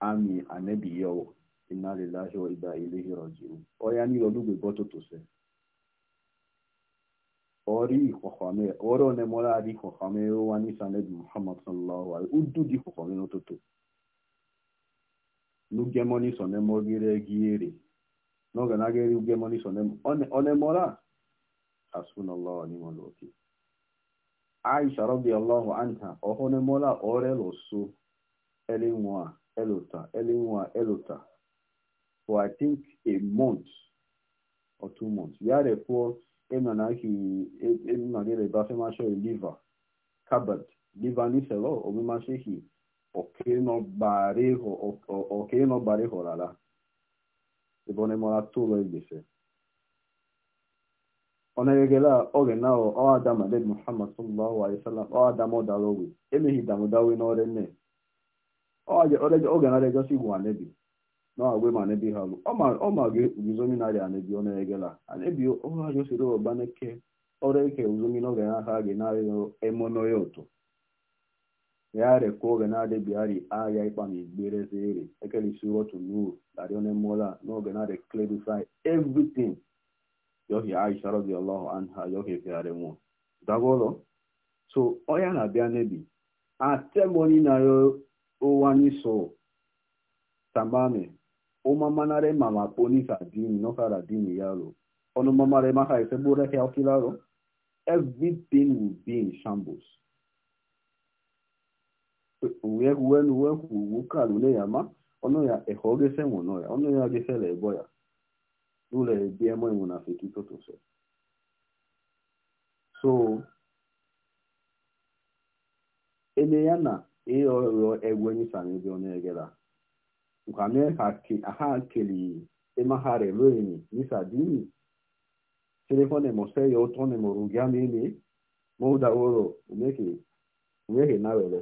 àmì anabi yọ̀wọ̀ iná lè láṣọ ìgbà ilé ìrọ̀ jù ọ̀yá ní ọdún gbẹ̀gbọ́ tó tó sẹ́ ọ̀rí ìkọ̀kọ̀mẹ́ ọ̀rọ̀ ọ̀nẹ́mọ́lá rí ìkọ̀kọ̀mẹ́ wá ní sanabi muhammad sallallahu alayhi wa sallam n'ugemoni sonemo gire giri n'oge na-agịrị ugemoni sonemo onemora hasunallah nimoloki aisha radiallahu anha ohonemola orelosu elinwa elota elinwa elota for i think a month or two months ya report emanaki emanagere bafemasho liver cupboard liver niselo omemashehi oke nọbara ịhụrala ebe ọnemara tụlọ igbese ọnegegela oge na ọada maded muhammad sallallahu alaihi wasallam ọada mọdara owe emeghị damudawe n'ọrụ nne oge na regosi igbo anebi n'agwe ma anebi ha ọ ma guzominari anebi ọnegegela anebi ọha josiri ọgbaneke ọrụ eke uzomi n'oge na ha ga na-arị emonoya ụtọ yare koge na-adị bihari ahịa ịkpa na igbereze ere ekelisi rotu nur dari onye mmụọla n'oge na-adị clarify everything yohi aisha anha yohi nwụ dagolo so onye na-abịa n'ebi atemoni na mama dini dini e be in shambles n'uwe uwenu wekwu ka ne ya ma ọnụ ya ehogese nwụnọ ya ọnụ ya gesela ebo ya n'ụlọ ebiemo enwu na feki totose so ene ya na ịrọrọ e egwenyi sanebe onegela nkwame ha keli emahara eloeni nisadini telefone mose ya ụtọ nemụrụ gya n'ime mụda ụlọ na nawerere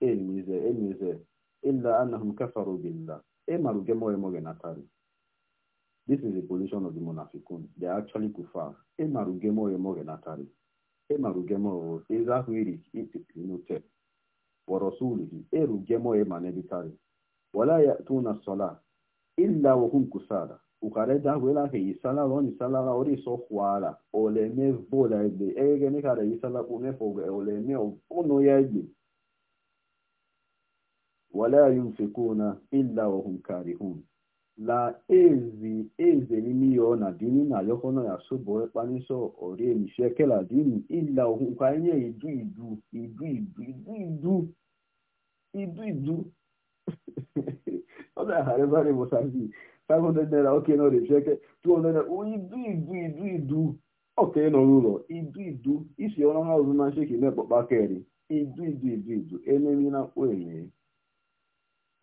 emize emize illa annahum kafaru billah emaruge moye moge natari this is the position of the munafiqun they are actually kufar emaruge moye moge natari emaruge moye ezahwiri ipipinute wa rasulihi eruge moye manebitari wala yatuna sala illa wa hum kusala ukareda wela ke isala loni sala la ori so khwala oleme vola ebe ege ne kare isala kune foge oleme ono yege wala yunfikuna illa wahum karihun la ezi eze nimi yo na dini na yokono ya sobo epaniso ori emise kela dini illa wahum kanye idu idu idu idu idu idu idu idu ọdọ ààrẹ bá rẹ mọsáàsì five hundred naira ọkẹ náà rẹ ṣẹkẹ two hundred naira ó idu idu idu idu ọkẹ náà rúlọ idu idu ìṣe ọlọ́run àrùn máa ń ṣèkì mẹ́pọ̀ bá kẹrin idu idu idu idu ẹni mi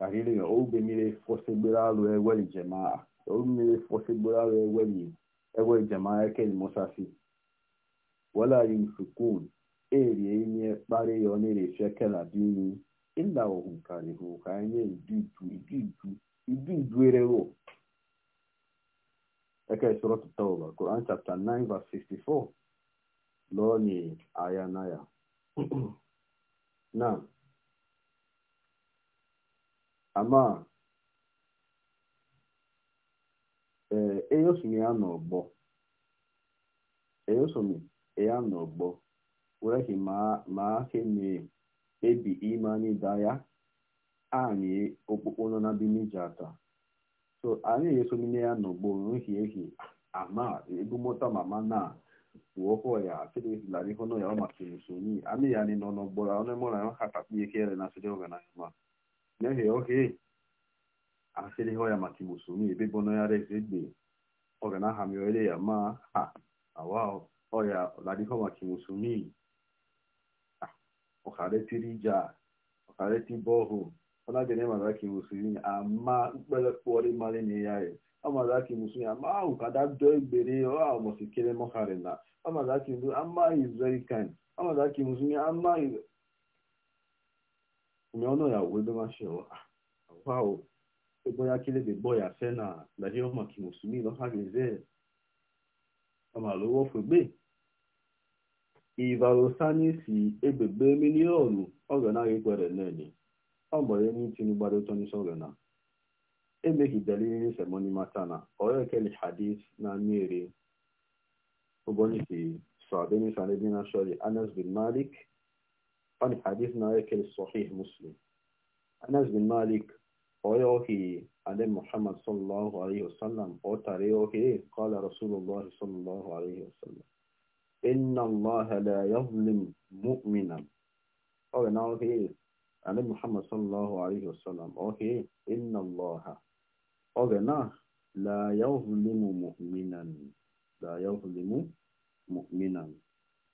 karịrị oge mmiri fọsịgbere alụ eweli njem a oge mmiri fọsịgbere alụ eweli eweli njem a ekeli mosasi wala e erie inye kparị ya ọ na-eresi ekela dị imi ịla e ohu karịrị ka anyị e idudu idudu idudu erewo ekeli sọrọ tụta ụwa Quran chapter 9 verse 64 lọọ nye aya na ya na ama ee eh, eyosomi ya n'ọgbọ eyosomi ya n'ọgbọ hi ma na ebi imani ya anyị okpukpo nọ na binijata so anyị eyosomine ya n'ọgbọ nhi ehi ama ebumọta mama na uokoya sirisilarihonọ ya ọmasiri sonyi amị ya nị nọ n'ọgbọ ọnụ mụra ya nkata ihe ekere na siri ọgana ma nehie ohe asịrịghị ya maka igbo somi ebe bụ bonara ezegbe ọ ga na-aha mere ya ma ha awa ọya ladịghọ maka igbo somi ọkaretiri ije ọkareti bọhụ ọnagene mara ka igbo somi ama mkpere kpụọrị mara na ya ọmara ka igbo somi ama ahụ ka dado egbere ọmọsị kere mọkarị na ọmara ka igbo ama izerikan ọmara ka igbo somi ama umeona ya uwebe mashiro wao ebo ya kile bebo boya sena na je ma ki musumi lo ha geze ama lo wo febe ivalo sani si ebebe milionu oga na ikwere nene ọgbọrọ eni tinu gbara ụtọ n'isi ọrụ na emegidere ihe semoni matana ọrịa ekele hadis na mmiri ụbọchị na ebe na shọri anas bin malik قال حديثنا يكن الصحيح مسلم أنس بن مالك أيوه علي محمد صلى الله عليه وسلم أتريه قال رسول الله صلى الله عليه وسلم إن الله لا يظلم مؤمنا قال نعوه علي محمد صلى الله عليه وسلم أوكي إن الله أو لا يظلم مؤمنا لا يظلم مؤمنا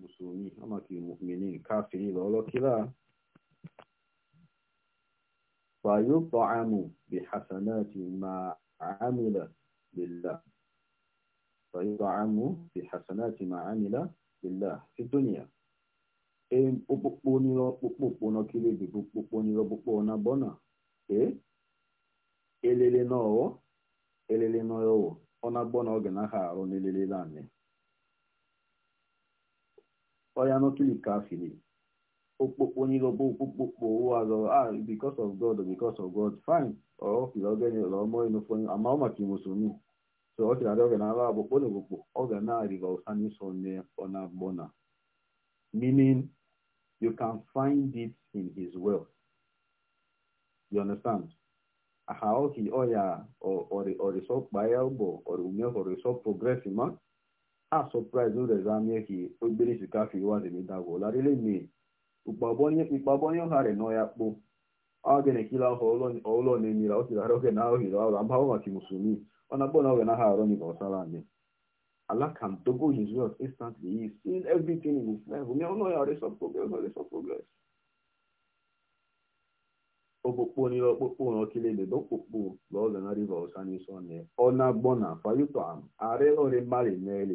musulmi ama ki mu'minin kafiri lolo kila fayut'amu bihasanati ma amila billah ma amila dị fi dunya e popo ni lo popo no kile bi popo ni lo popo na bona e elele no elele no yo ha arụ n'elele ọya nọkìlì káfìrí òpópó nílọpọ òpópó owó àlọ ah because of god because of god fine ọ̀rọ̀ kìlọ̀ ọgẹ́ni ọ̀rọ̀ ọmọ inú fún àmọ́ ọmọ kì í mùsùlùmí so ọ kìlọ̀ ọgẹ́ náà láàbò pólòpópó ọgẹ́ náà rìbá ọ̀sán sọ ní ọ̀nà gbọ́nà meaning you can find it in his wealth you understand àhà ọkì ọ̀yà ọ̀rẹ́sọ̀ pààyà ọ̀bọ̀ ọ̀rẹ́ òmìnira ọ̀rẹ́sọ̀ progressive man. a ah, surprise ụlọ zamie ki obere sikafi wazimidago larịle me ikpagbonye ọhara n'ọya kpo ọgene kila ahụ ụlọ na-emira o tilara oge na ohiri ọrụ agbaghọ ọ na-akpọ na ọ na ha arụ nyi ọsala anyị Allah can double instantly. seen everything in his life. progress, progress. Okpokpo okpokpo na okile na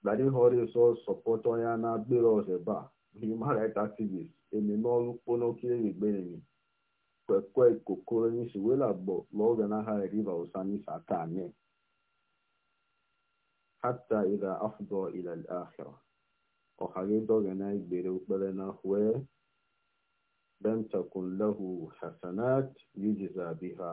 gbadị họrọ ịsọ sọpọtọ ya na agbịrị ọzọba human rights activist ememe ọrụ kponokiri igbenemi kwekwe kokoro n'isi wela gbọ lọọga na ha usani satani hata ila afdọ ila ahịa ọhaghị na igbere okpere na hwee لم تكن له حسنات يجزى ha.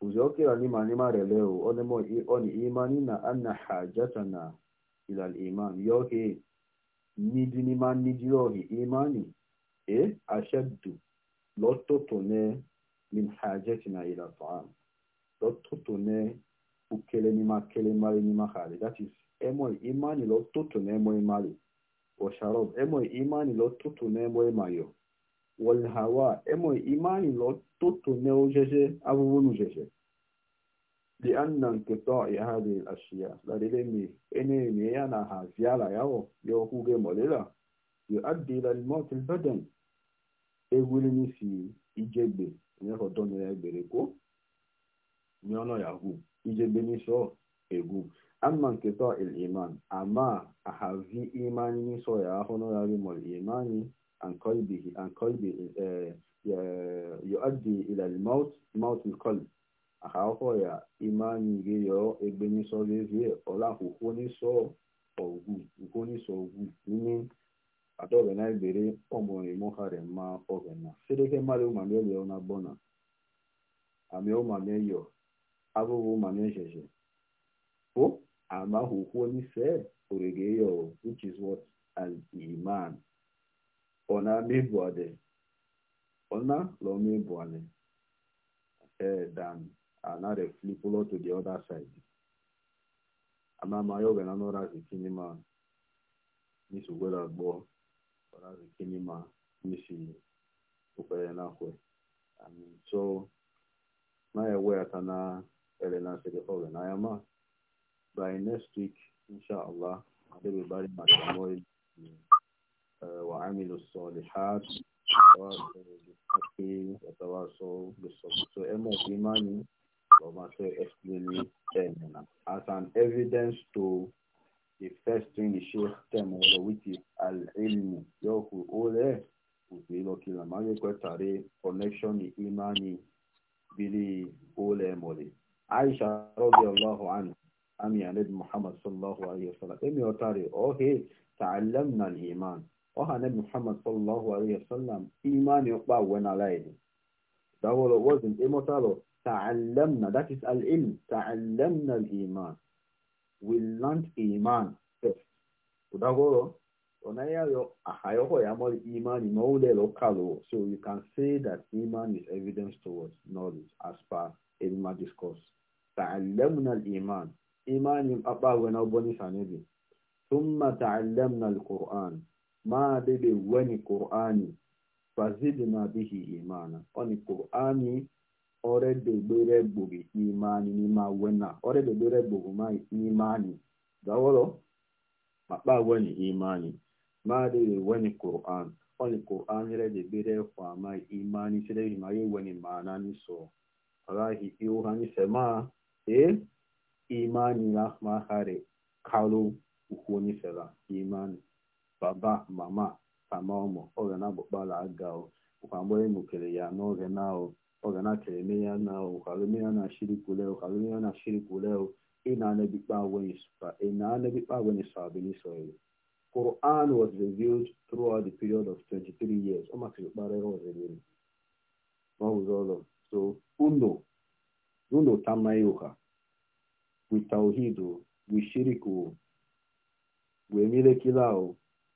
uzokira lima lima releo onemo oni imani na anna hajatana ila al-iman yoke nidi ni man nidi yohi imani e ashaddu lotto tone min hajatina ila ta'am lotto tone ukele ni makele mali ni mahali that is emo imani lotto tone emo imali wa sharob emo imani lotto tone emo mayo walhawa emo imani lo toto ne ujese abubunu jese li anna nkito ya hadi ashiya la dile mi ene mi ya na ha ziala yawo yo huge molela yo addi la mot al badan egwili ni si ijegbe ne ko don ya gbere ko ni ono ya hu ijegbe ni so egu amma nkito il iman ama ahavi imani ni so ya hono ya bi mol imani عن قلبه عن قلبه يؤدي إلى الموت موت القلب àkàkọ́ ya ìmáàní ìgbéyọ̀ ẹgbẹ́nisọ́ lézìí ẹ̀ ọ̀la kòkó ní sọ ọ̀gù kòkó ní sọ ọ̀gù nínú àtọ́bẹ̀ náà ìbèrè ọmọrin mọ́ha rẹ̀ máa ọ̀bẹ̀ náà ṣédékẹ́ má léwu màmí ẹ̀lẹ́ ọ̀nà bọ́nà àmì ó màmí ẹ̀yọ̀ abúrú màmí ẹ̀ṣẹ̀ṣẹ̀ ó àmà kòkó ní sẹ́ẹ̀ òrègé yọ̀ which is what an iman. ona mebuade ona lo mebuane eh dan another flip over to the other side ama ma yo gana nora zikini ma nisi gwela gbo ora zikini ma nisi ukwere na kwe and so e na ewe atana ele na sele hoge na yama by next week inshallah adebe bari matamori e. وعملوا الصالحات وتواصوا بالحق وتواصوا بالصبر so ẹmọ fi máa ní ọmọ ṣe explain tẹmẹna as an evidence to the first thing the sheikh tẹmọ ọ̀rọ̀ which is al-ilmu yóò kú ó rẹ òkè lọkìlà máa yẹ kó tàrí connection ní imani bíi ó rẹ aisha rọbì allahu ami anabi muhammad sallallahu alayhi wa sallam emi ọtari ọhẹ tàlẹmna al-iman ọha na muhammad sallallahu alaihi wasallam imani ọkpa wena laidi dawolo wazin imotalo ta'allamna that is al ilm ta'allamna al we learned iman first dawolo onaya yo ahayoho ya mori iman no ule lokalo so you can say that iman is evidence towards knowledge as per ilma discourse ta'allamna al iman iman im apa wena ثم تعلمنا القرآن ma dede weni qur'ani fazidna bihi imana oni kur'ani ore degbere gbogi imani n'ime wena ore degbere gbogi ma imani dawolo mapa weni imani ma dede weni qur'an oni kur'ani re degbere kwa ma imani sire ma ye weni mana ni so alahi iu anyị sema e imani rahma hare kalu ukwoni sela imani baba mama ama ụmụ oge na aga ụkwa mgbe mụkere e ya n'oge na oge na-akere eme ya na ụkalụme ya na kwule ụkalụme ya na shirikwule Quran was revealed throughout the period of 23 years. So, uno, uno tamayuha, with tawhidu,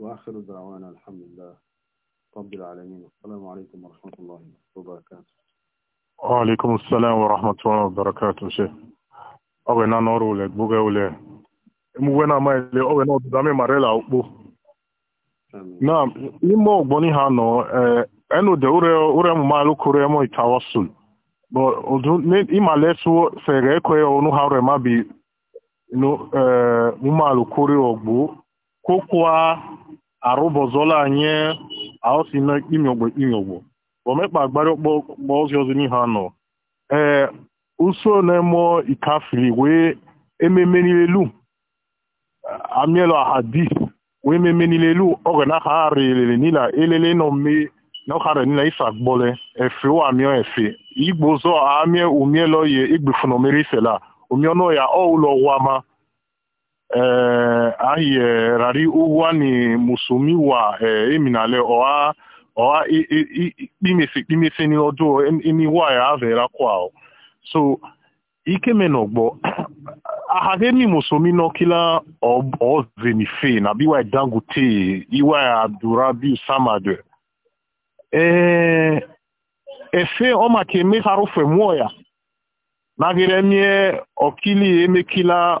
na Na e lk ịmaleee weh ụa lụkori ụ arụbọzọla anyị aosi na imiogbo imiogbo omekpa agbara ọkpọ ozi ọzọ n'ihe anọ ee uso na-emo ikafiri wee ememe n'ilelu amielo ahadi wee ememe n'ilelu oge na ha rịrịrị nila elele nọ mme na ọkara nila ife agbole efe wa amio efe igbo zọ amie umielo ye igbefunomere ifela omiono ya ọ ụlọ ama. Eh, aye eh, rari uwani musumi wa eh, eminale oa oa imese imese ni odo ni wa ya vera kwao so ikemenogbo ahage mi musumi no kila oze ni fe na biwa dangote iwa abdurabi samad eh efe oma ke me harufe moya nagere mie okili emekila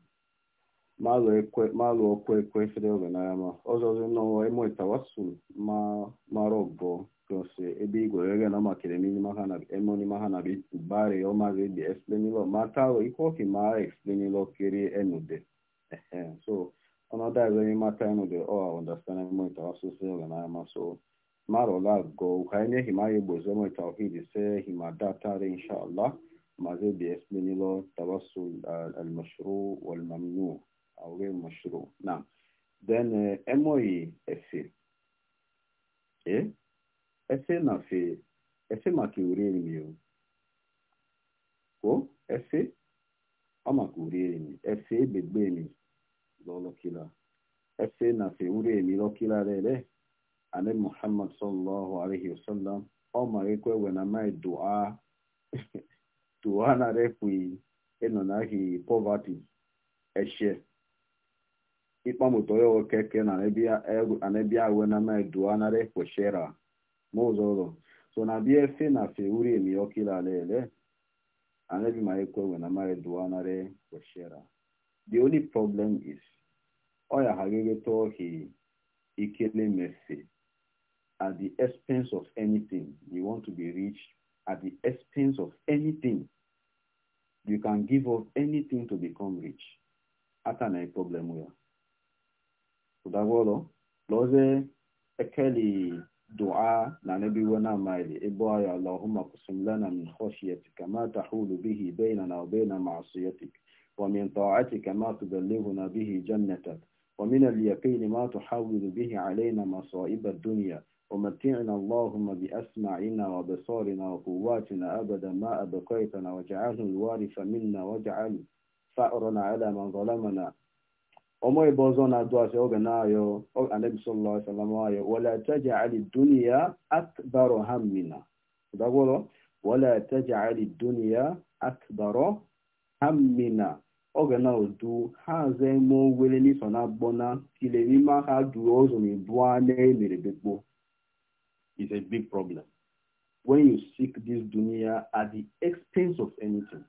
malo kwekwe omenala ọzọzi nọọ emụta wasu mara ọbọ kose ebe igwerege na emonima ha na bitubari ọmazi bi esplenilo matao ikwoki ma esplenilo kiri enude so ọnọdụ ezeri mata enude ọ understand emụta oge si omenala so marola go ka enye himaye gbozi emụta ohidi se ma himadatari inshallah mazi bi esplenilo tawasul المشروع والممنوع أو غير مشروع نعم then uh, MOE e eh essay na fi maka uri elimi o ko essay ọ maka uri elimi essay gbegbe mi lọlọkila nafe na fi uri elimi lọkila sallallahu alaihi wasallam ọ ma ekwe wena mai dua ịkpamụta onye nwoke ke anabia awe na e, maedua nara ekpochera n'ụzọ ụlọ so na bia efe na emi emiokila lele anabi ma ekwewe na maedua nara ekpochera the only problem is oya ha gegheta ohi ikele mefe at the expense of anything you want to be rich at the expense of anything you can give up anything to become rich ata na e problem ya ụdagwọrọ lọze ekeli دعاء لنبي ونعمائل إبوايا اللهم اقسم لنا من خشيتك ما تحول به بيننا وبين معصيتك ومن طاعتك ما تبلغنا به جنتك ومن اليقين ما تحول به علينا مصائب الدنيا ومتعنا اللهم بأسمعنا وبصارنا وقواتنا أبدا ما أبقيتنا واجعله الوارث منا واجعل فأرنا على من ظلمنا ọmọ ìbọn zọ́nà àdúràṣẹ ọgbẹ̀ náà yọ alẹ́bìsọ́lọ́ ìsàlámọ́ ayọ̀ wọlé àtẹ́jà àlì dúnìyà akbárọ̀ hàmìnà ìdágbọ́rọ̀ wọlé àtẹ́jà àlì dúnìyà akbárọ̀ hàmìnà ọgbẹ̀ náà ò dú ha zẹ́ mọ́ wẹlé ní sọ̀nà gbọ́ná ilẹ̀ mímá ha dú ọzọ ní dúá lẹ́ẹ̀mẹ̀rẹ̀ gbogbo is a big problem when you seek this dunya at the expense of anything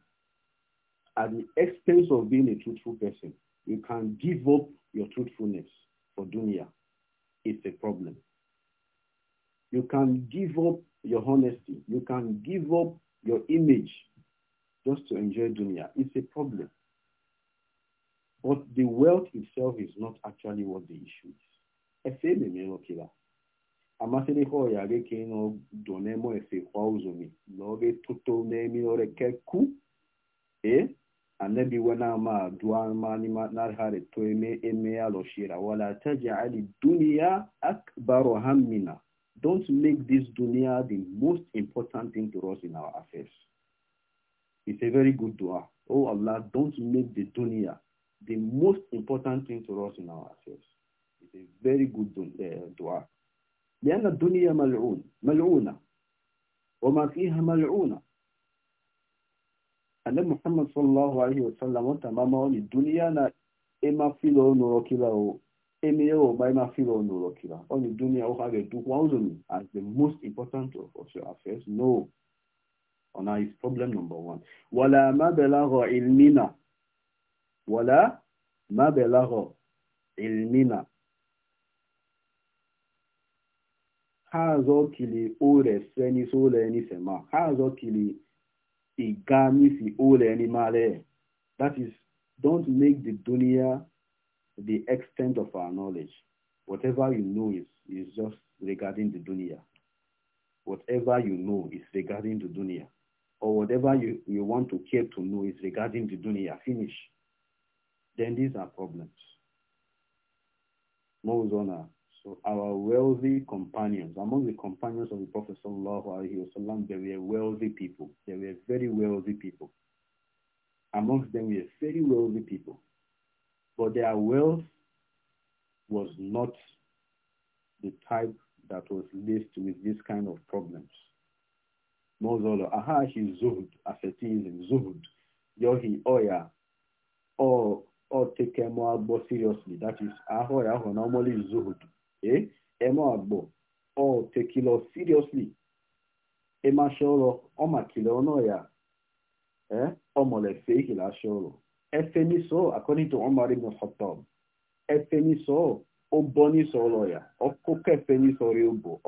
at the expense of being a truthful person you can give up your truthfulness for dunya. It's a problem. You can give up your honesty. You can give up your image just to enjoy dunya. It's a problem. But the wealth itself is not actually what the issue is. Efe memelo kila. Amasele ho yare ke no donemo efe kwa uzomi. Lore toto memelo rekeku. Eh? annabi wana ma duwa ma ni ma nar hare to eme eme ya lo shira wala taj'al dunya akbaru hammina don't make this dunya the most important thing to us in our affairs it's a very good dua oh allah don't make the dunya the most important thing to us in our affairs it's a very good dua لأن الدنيا ملعون ملعونة وما فيها ملعونة annabi muhammad sallallahu alaihi wasallam wata mama wani duniya na ema filo onuro kila o eme yewo ma ema filo onuro kila oni duniya o kage duk wanzumi as the most important of, of your affairs no ona is problem number one wala ma belagho ilmina wala ma belagho ilmina ha zo kili ore seni so le ni sema ha zo kili igamisi ole animale. That is, don't make the dunya the extent of our knowledge. Whatever you know is, is just regarding the dunya. Whatever you know is regarding the dunya. Or whatever you, you want to care to know is regarding the dunya. Finish. Then these are problems. Mozona. So our wealthy companions, among the companions of the Prophet Sallallahu Alaihi Wasallam, they were wealthy people. They were very wealthy people. Amongst them were very wealthy people. But their wealth was not the type that was laced with this kind of problems. Mozolo, ahashi zuhud, asceticism, zuhud, yohi oya, or or take more seriously. That is, ahoya normally zuhud. eh ema agbo o tekilo seriously ema shoro o makilo no ya eh o mole fake la shoro efeni according to Umar ibn Khattab efeni ya o ko kefeni so ri ubo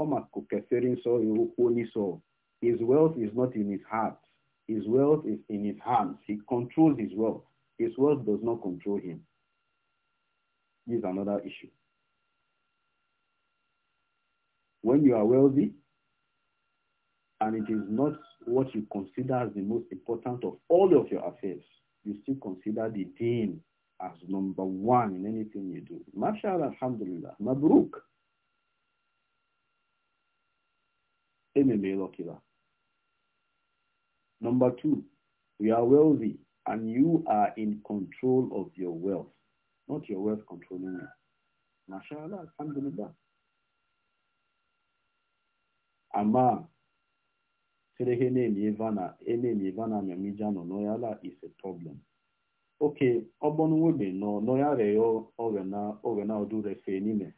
o his wealth is not in his heart his wealth is in his hands he controls his wealth his wealth does not control him this is another issue when you are wealthy and it is not what you consider as the most important of all of your affairs, you still consider the deen as number one in anything you do. MashaAllah, alhamdulillah, mabruk. Number two, you are wealthy and you are in control of your wealth, not your wealth controlling you. MashaAllah, alhamdulillah. ama serehe na-emievana emievana miamijano noyala is a problem okay ọgbọnụ nwebe no noya reyo ogena ogena odu refe n'ime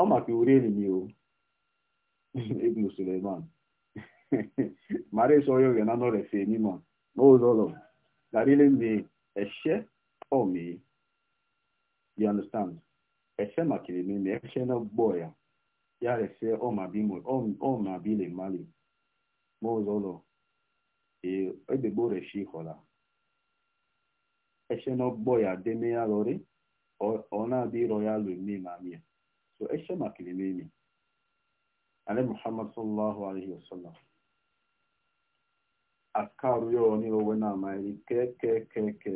ọ maka iwuri elimi o ibnu suleiman mara eso oyo ogena no refe n'ime n'ụzọlọ garile mbe eshe omi you understand eshe makiri n'ime eshe na gbọ ya ya refe omabile mali mozolo egbegbo reshi hola eshe n'ọgbọ ya deme ya lori ọ na-adịrọ ya lumi ma mie so eshe makiri memi ale muhammad sallallahu alaihi wasallam akaru yo ni owe na amaghị e, ke ke ke ke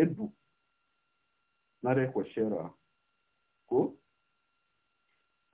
ebu na rekweshera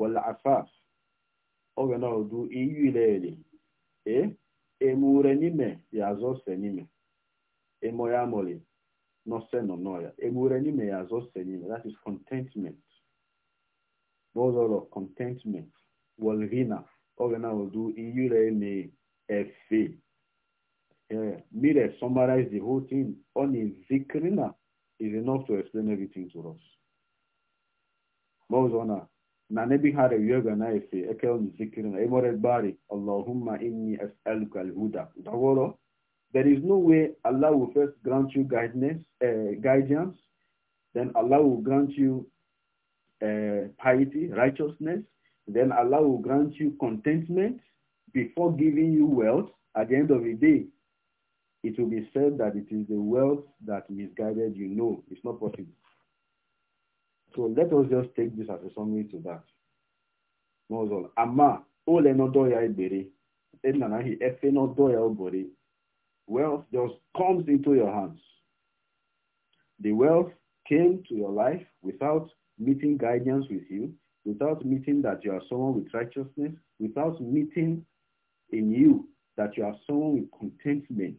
والعفاف oge na ọdụ iyi ileli e emure n'ime ya azọse n'ime emo ya amoli nọse nọ n'ọya emure n'ime ya azọse n'ime that is contentment n'ụzọrọ contentment walghina oge na ọdụ iyi ileli efe e, Mire summarize the whole thing. Only Zikrina is enough to explain everything to us. What was there is no way allah will first grant you guidance uh, guidance then allah will grant you uh, piety righteousness then allah will grant you contentment before giving you wealth at the end of the day it will be said that it is the wealth that misguided you know it's not possible so let us just take this as a summary to that. Mozol. Ama ole no doya ibere. Enanahi efe no doya obore. Wealth just comes into your hands. The wealth came to your life without meeting guidance with you, without meeting that you are someone with righteousness, without meeting in you that you are someone with contentment.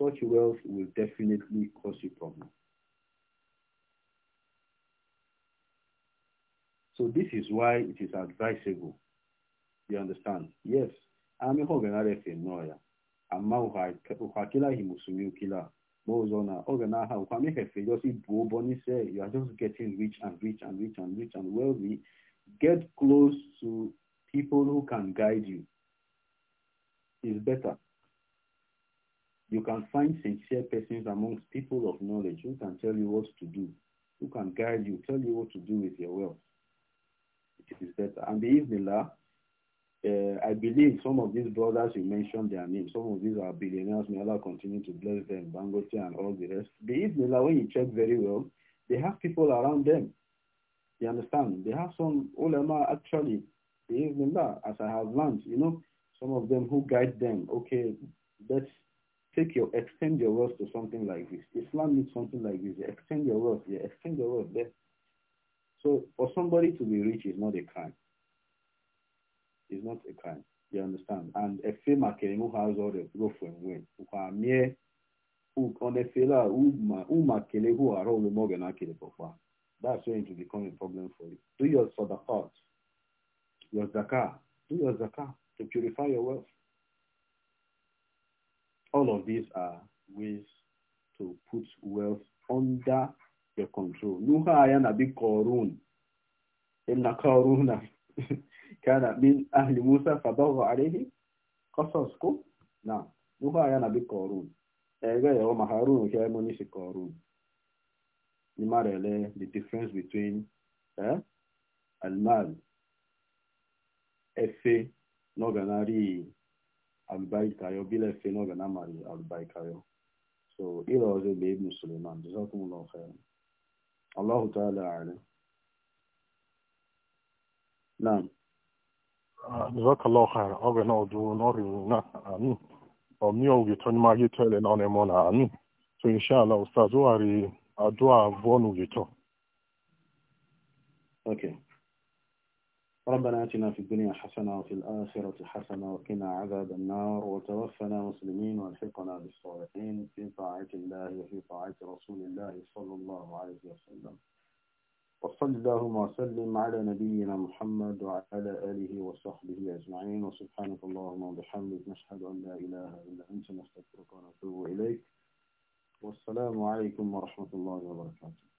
Such wealth will definitely cause you problems. So this is why it is advisable. You understand? Yes. Ameho genarefe noya. Ama uhakila himusumi ukila. Mozona. Ogena ha ukamehefe. Just ibu say. You are just getting rich and rich and rich and rich and wealthy. Get close to people who can guide you. It's better. You can find sincere persons amongst people of knowledge who can tell you what to do, who can guide you, tell you what to do with your wealth. Is that And Bismillah, uh, I believe some of these brothers, you mentioned their names. Some of these are billionaires. May Allah continue to bless them, Bangote and all the rest. Bismillah, when you check very well, they have people around them. You understand? They have some ulama actually, Bismillah, as I have learned, you know, some of them who guide them. Okay, let's take your, extend your wealth to something like this. Islam needs something like this. extend your wealth. You extend your wealth there. So for somebody to be rich is not a crime. It's not a crime. You understand? And a film who has all the growth and win. On a who are all the That's going to become a problem for you. Do your sadaqat, your zakah, do your zakah to purify your wealth. All of these are ways to put wealth under ya control nuhu ya na bi korun inna koruna kana min ahli musa fabagha alayhi qasas ko na nuhu ya na bi korun ega ya ma harun ke mo ni si korun ni marele the difference between eh almal efe n'oge na-arịghị albaikayo bila efe n'oge na-amarị albaikayo so ile ọzọ be ibn suleiman jazakumullahu khairan الله تعالى أعلم نعم جزاك الله خير أبنا أدو نورينا آمين أمي أو يتوني ما يتولي نوني مونا آمين so inshallah ustaz wari adua vonu yito okay ربنا آتنا في الدنيا حسنة وفي الآخرة حسنة وقنا عذاب النار وتوفنا مسلمين والحقنا بالصالحين في طاعة الله وفي طاعة رسول الله صلى الله عليه وسلم وصل اللهم وسلم على نبينا محمد وعلى آله وصحبه أجمعين وسبحانك اللهم وبحمدك نشهد أن لا إله إلا أنت نستغفرك ونتوب إليك والسلام عليكم ورحمة الله وبركاته